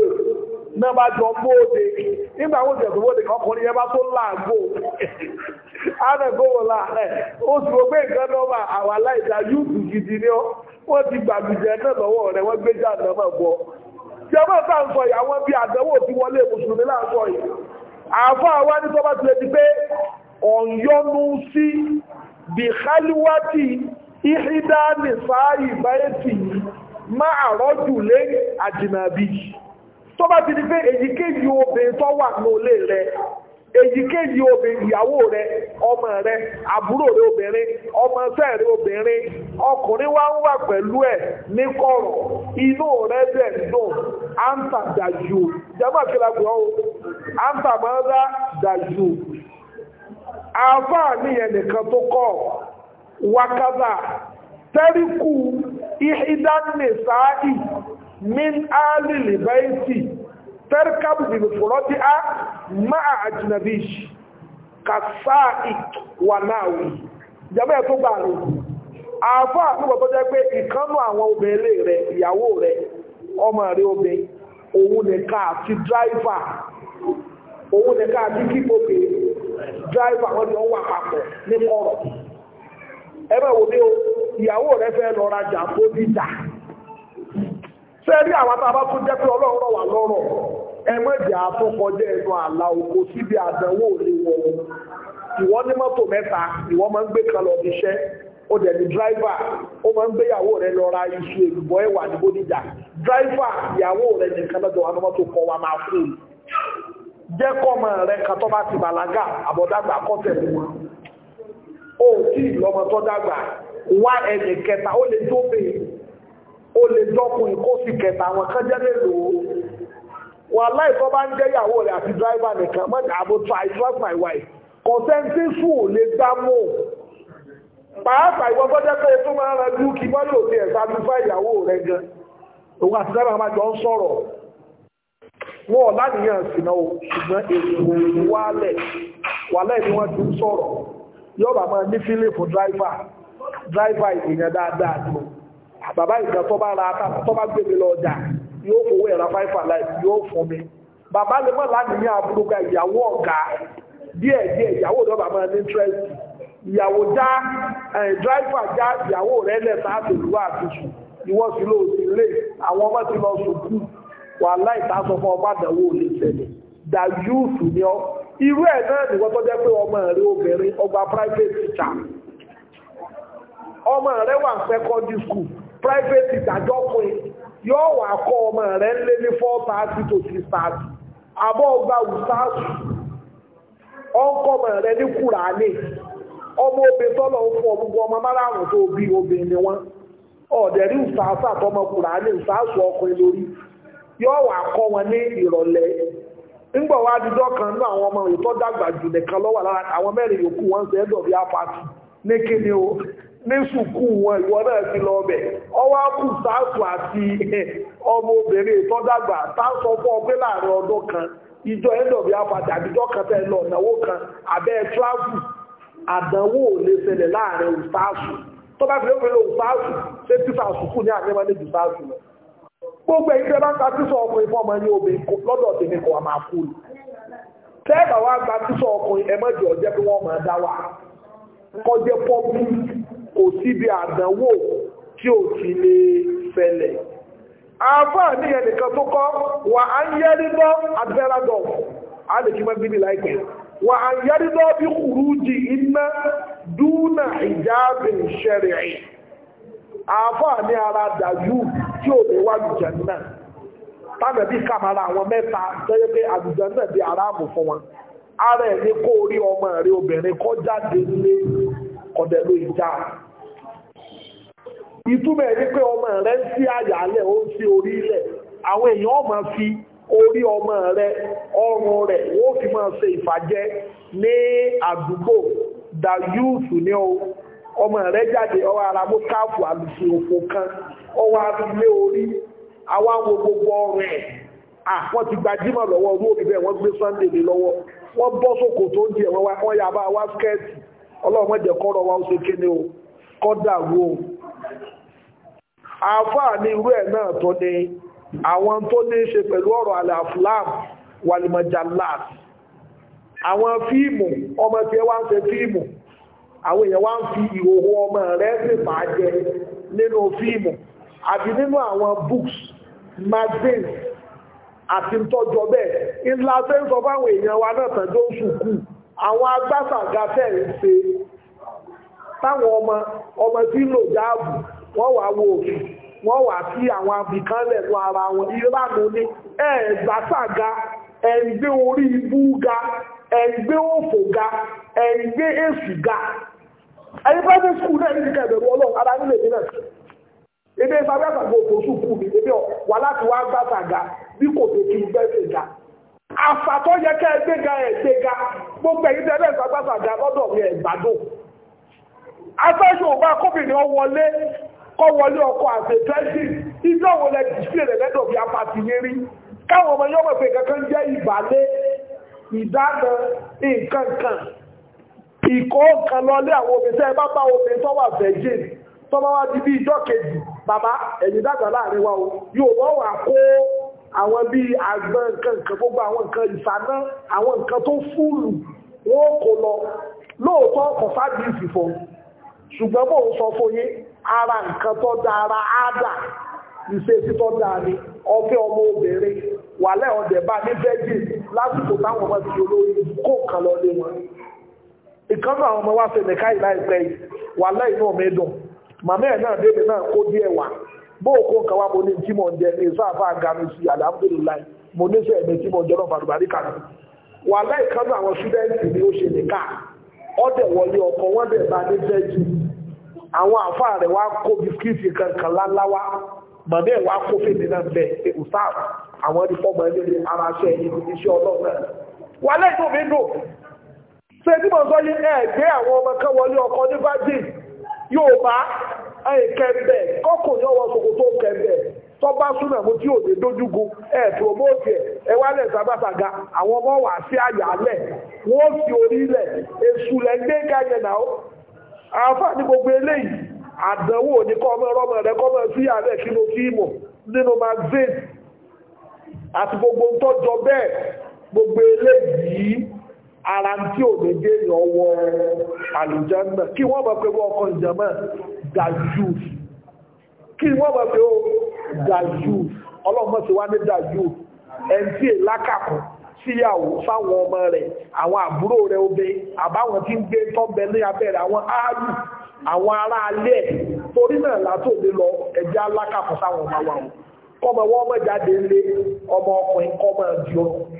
náà bá jọ bóde nígbà wọ́n jẹ̀ tó bóde ọkùnrin yẹn bá tó láàgbò ánàgbòwòlà ẹ̀ ó sì gbogbo nǹkan náà wà àwọn aláìsà yúùtù gidi ni ọ́ wọ́n ti gbàgbìjẹ náà lọ́wọ́ rẹ̀ wọ́n gbé jáde náà bọ̀ jẹ́mọ́ tá ń sọ yìí àwọn bíi àdánwò tí wọlé mùsùlùmí láà ń sọ yìí àfọ́ àwa ní tọ́ba tilẹ̀ ti pé ọ̀nyọ́nu sí bìkálíwátì ìhídá nìfàáyì báyẹ̀tì máa rọ́jù lé àjìnàbí yìí tó bá ti di pé èyíkéyìí obìnrin tó ní rẹ èyíkéyìí obìnrin ìyàwó rẹ ọmọ rẹ àbúrò rẹ obìnrin ọmọ rẹ obìnrin ọkùnrin wa ń wà pẹ̀lú ẹ̀ ní kọ̀rọ̀ inú rẹ dẹ̀ dùn áńtà dàjú jẹ́mọ̀ o áńtà máa ń dá àáfàá nìyẹn nìkan tó kọ̀ wákàtà min alil baiti tarkab bil furati'a ma'a ajnabish kasa'ik wa e to gba re afa nígbà tó jẹ́ pé ìkánú àwọn obìnrin rẹ̀ ìyàwó rẹ̀ ọmọ rẹ̀ obìnrin òun nìka àti dráìfà òun nìka àti kíkókè dráìfà o ìyàwó rẹ̀ fẹ́ lọ sẹ́rí àwọn bá tún jẹ́ pé ọlọ́rọ̀ wà lọ́rọ̀ ẹ àtúnkọjẹ́ ẹnu àlà oko síbi àdánwò òní wọ̀ ìwọ ní mọ́tò mẹ́ta ìwọ máa ń gbé kan lọ níṣẹ́ ó dẹ̀ ní dráìvà ó ma ń gbé ìyàwó rẹ̀ lọ iṣu èlùbọ́ ẹ̀wà ìyàwó rẹ̀ wà ní mọ́tò kọ wa máa fún un jẹ́ kọ́mọ rẹ̀ bá ti bàlágà àbọ̀dàgbà kọ́tẹ̀ ó lè jọ́kùnrin ikosi kẹta àwọn kan jẹ́ lè lòó wà bá ń jẹ́ ìyàwó rẹ̀ àti driver nìkan mọ́ta àbò try trust my wife consensus ò lè dámò pàápàá ìwọ gbọ́jẹ́ pé tó máa rẹ̀ lú kí mọ́lẹ̀ òfin ẹ̀ ìyàwó rẹ̀ gan òun àti máa jọ ń sọ̀rọ̀ wọn láníyàn sínà o ṣùgbọ́n wọ́n ti ń sọ̀rọ̀ máa ní fílẹ̀ fún bàbá ìgbà tó bá ra ata tó bá gbé mi lọ ọjà yóò fowó ẹ̀rọ fáìfà láì yóò fún mi bàbá lè mọ̀ láti ní àbúrúkà ìyàwó ọ̀gá díẹ̀ díẹ̀ ìyàwó ọ̀dọ́ bàbá ní interest ìyàwó já eh, dráìfà já ìyàwó rẹ̀ lẹ̀ sáàtì ìlú àtúnṣù ìwọ́ sí ló sí ilé àwọn ọmọ ti lọ sùkú wà láì tásọ fún ọmọ àdánwò lè ṣẹlẹ̀ dà yúùsù ni ọ irú ẹ̀ náà nìkan tó jẹ́ pé ọmọ rẹ̀ obìnrin ọgbà private teacher ọmọ rẹ̀ wà ń secondary school private ìdájọ́ pé yóò ọmọ rẹ ń lé ní four thirty to six thirty àbọ̀ ọgbà wùsáàsù ọ̀nkọ́mọ ọmọ obìnrin tọ́lọ̀ ń ọmọ ọmọ márààrún tó bí obìnrin ni wọ́n ọ̀dẹ̀rí ọkụ wọn ní ìrọ̀lẹ́ ńgbọ̀ wá kan ọmọ ìtọ́ wọn o ní sùkú wọn ìwọ náà ti lọ ọbẹ̀ ọwọ́ kù sáàtù àti eh, ọmọbìnrin ìtọ́dàgbà táàsọ fún ọgbẹ́ láàrin ọdún kan ìjọ ẹ̀dọ̀bí apàdé àbíjọ́ kan tẹ́ lọ ọ̀nàwó kan abẹ́ tíráàfù àdánwò lè ṣẹlẹ̀ láàrin òsáàsù tó bá fi lè pẹ̀lú òsáàsù ṣé tíṣà sùkú ní àmì ẹ̀mọ́ níbi òsáàsù lọ. gbogbo ìṣe bá ń ka tíṣà ọkùnrin fún ọmọ ní obìnrin lọ́dọ̀ tèmi kò wà máa kú tẹ́ẹ̀bà wá gba tíṣà ọkùnrin ẹ̀mọ́jọ́ jẹ́ pé wọ́n máa dá wa kọjẹ́ pọ́pù kò síbi àdánwò tí ò ti lè fẹlẹ̀ àfáà ní ẹnìkan tó kọ́ wà á ń yẹ́rí bọ́ adẹ́rádọ̀ a lè kí mọ́ bíbí láìpẹ́ wà á ń yẹ́rí bọ́ bí kùrú jì iná dúnà ìjábìn ṣẹ̀rẹ̀ àfáà ní ara dàjú tí ò lè wá jẹ̀nà tánàbí kàmàrà àwọn mẹ́ta tẹ́yẹ́ pé àgùjọ náà di aráàmù fún wọn ara ẹ̀ ní kó orí ọmọ rẹ obìnrin kọ́ jáde nílé ìjà ìtumọ̀ ní pé ọmọ rẹ ń sí àyàlẹ̀ ó ń sí orí àwọn èèyàn ọmọ fi orí ọmọ rẹ ọrùn rẹ wọ́n fi máa ṣe ìfàjẹ́ ní àdúgbò dayúùsù ní o ọmọ rẹ jáde ọwọ́ ara mú káàfù kan àti orí àwọn gbogbo ọrùn àwọn ah, ti gbajúmọ̀ lọ́wọ́ orú omi bẹ́ẹ̀ wọ́n gbé Sunday lé lọ́wọ́ wọ́n bọ́ sóko tó ń di ẹ̀wọ́n wa wọ́n yà bá wá skẹ́ẹ̀tì ọlọ́run mọ̀jẹ̀ kọ́rọ̀ wa ó ṣe kéde o kọ́dà wo àáfàá ní irú ẹ̀ náà tó ní àwọn tó ní í ṣe pẹ̀lú ọ̀rọ̀ àlẹ́ àfúlàm wàlìmọ̀jàláàt àwọn fíìmù ọmọ tí ẹ wá ń ṣe fíìmù àwọn èèyàn wá ń fi ìhòòhò ọmọ rẹ̀ sì máa jẹ nínú fíìmù àbí àti tọ́jọ bẹ́ẹ̀ ńlá fẹ́ fáwọn èèyàn wa náà tàn tó àwọn agbásàgà fẹ́ ṣe táwọn ọmọ ọmọ tí lò jáàbù wọ́n wà wọ́n wà sí àwọn abìkan lẹ̀nu ara wọn ìlànà ní ẹ̀ẹ́gbàsàgà ẹ̀ǹgbé orí ibú ga òfò ga èsì ga sùkú bí kò tó kí gbẹ́sẹ̀ ga àfàtọ́ yẹ ká ẹgbẹ́ga ẹgbẹ́ga gbogbo ẹ̀yìn tẹ́lẹ̀ ìfagbáfàgà lọ́dọ̀ mi ẹ̀gbádùn afẹ́ṣù ò bá kóbìnrin ọ wọlé kọ́ wọlé ọkọ̀ àti tẹ́sí ilé òun lẹ dìsílẹ̀ rẹ̀ lẹ́dọ̀ bí apàtì lérí káwọn ọmọ yọmọ pé kankan jẹ́ ìbálé ìdáná nǹkan kan ìkó nǹkan lọlé àwọn obìnrin tẹ́ bá bá obìnrin tó wà virgin tó bá wá di bí ìjọ kejì bàbá ẹ̀yìn dàgbà láàrin wa o yóò wọ́n wà àwọn bíi àgbọn nǹkan nǹkan gbogbo àwọn nǹkan ìfaná àwọn nǹkan tó fúlù wọn kò lọ lóòótọ́ ọkọ̀ fábí ìfìfọ́ ṣùgbọ́n mò ń sọ fún yín ara nǹkan tó dára ádà ìṣesí tó dáa ni ọfẹ́ ọmọ obìnrin wàlẹ́ ọ̀dẹ̀ bá ní bẹ́ẹ̀jì lásìkò táwọn ọmọ ti olórí kó kan lọ lé wọn ìkan náà àwọn ọmọ wa fẹ̀mẹ̀ká ìlà ìpẹ́ yìí wàlẹ́ inú mi dùn màmá ẹ̀ náà débi náà kó díẹ̀ wà bóòkó nǹkan mo ní tí mo ń jẹ ní sáfà ganu sí alhamdulilayi mo ní sọ ẹ̀mí tí mo jọ bàrùbàrí kan wà láì kánú àwọn ṣúdẹ́ǹtì ni ọkọ wọn dẹ̀ bá ní fẹ́ àwọn àfa rẹ̀ wá kankan láláwá màmí wá kó fèmí náà àwọn ẹni fọmọ ẹni ní ara ọlọ́run náà kan ọkọ ẹ̀ kẹ́ńbẹ̀ kọ́kùnrin ọwọ́ ṣòkòtò kẹ́ńbẹ̀ tọ́ba súnà mo tí ò lè dójúgo ẹ̀ e promote ẹ̀ ẹ̀ wá lẹ̀ àwọn ọmọ wà sí àyàlẹ̀ wọ́n sì orílẹ̀ èṣù lẹ̀ gbé gáyẹ̀ náà gbogbo eléyìí àdánwò ní sí kí ló nínú magazine gbogbo ń tọ́jọ gbogbo eléyìí ara tí ò lè dé ìyọwọ́ àlùjànnà kí wọ́n bá pé wọ́n ọkọ̀ ìjàmọ́ dájú kí wọ́n bá pé ó dájú ọlọ́mọ sí wá ní dájú ẹni tí è lákàkùn síyàwó fáwọn ọmọ rẹ̀ àwọn àbúrò rẹ̀ obe àbáwọn tí ń gbé tọ́bẹ̀ ní abẹ́rẹ̀ àwọn áàrù àwọn ará alẹ́ torí náà látòlé lọ ẹ̀jẹ̀ alákàkùn sáwọn ọmọ wa kọ́mọ wọn mọ̀ jáde lé ọmọ ọkùnrin kọ́mọ ìdí ọkùnrin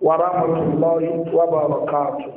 wa rahmatullahi wa barakatuh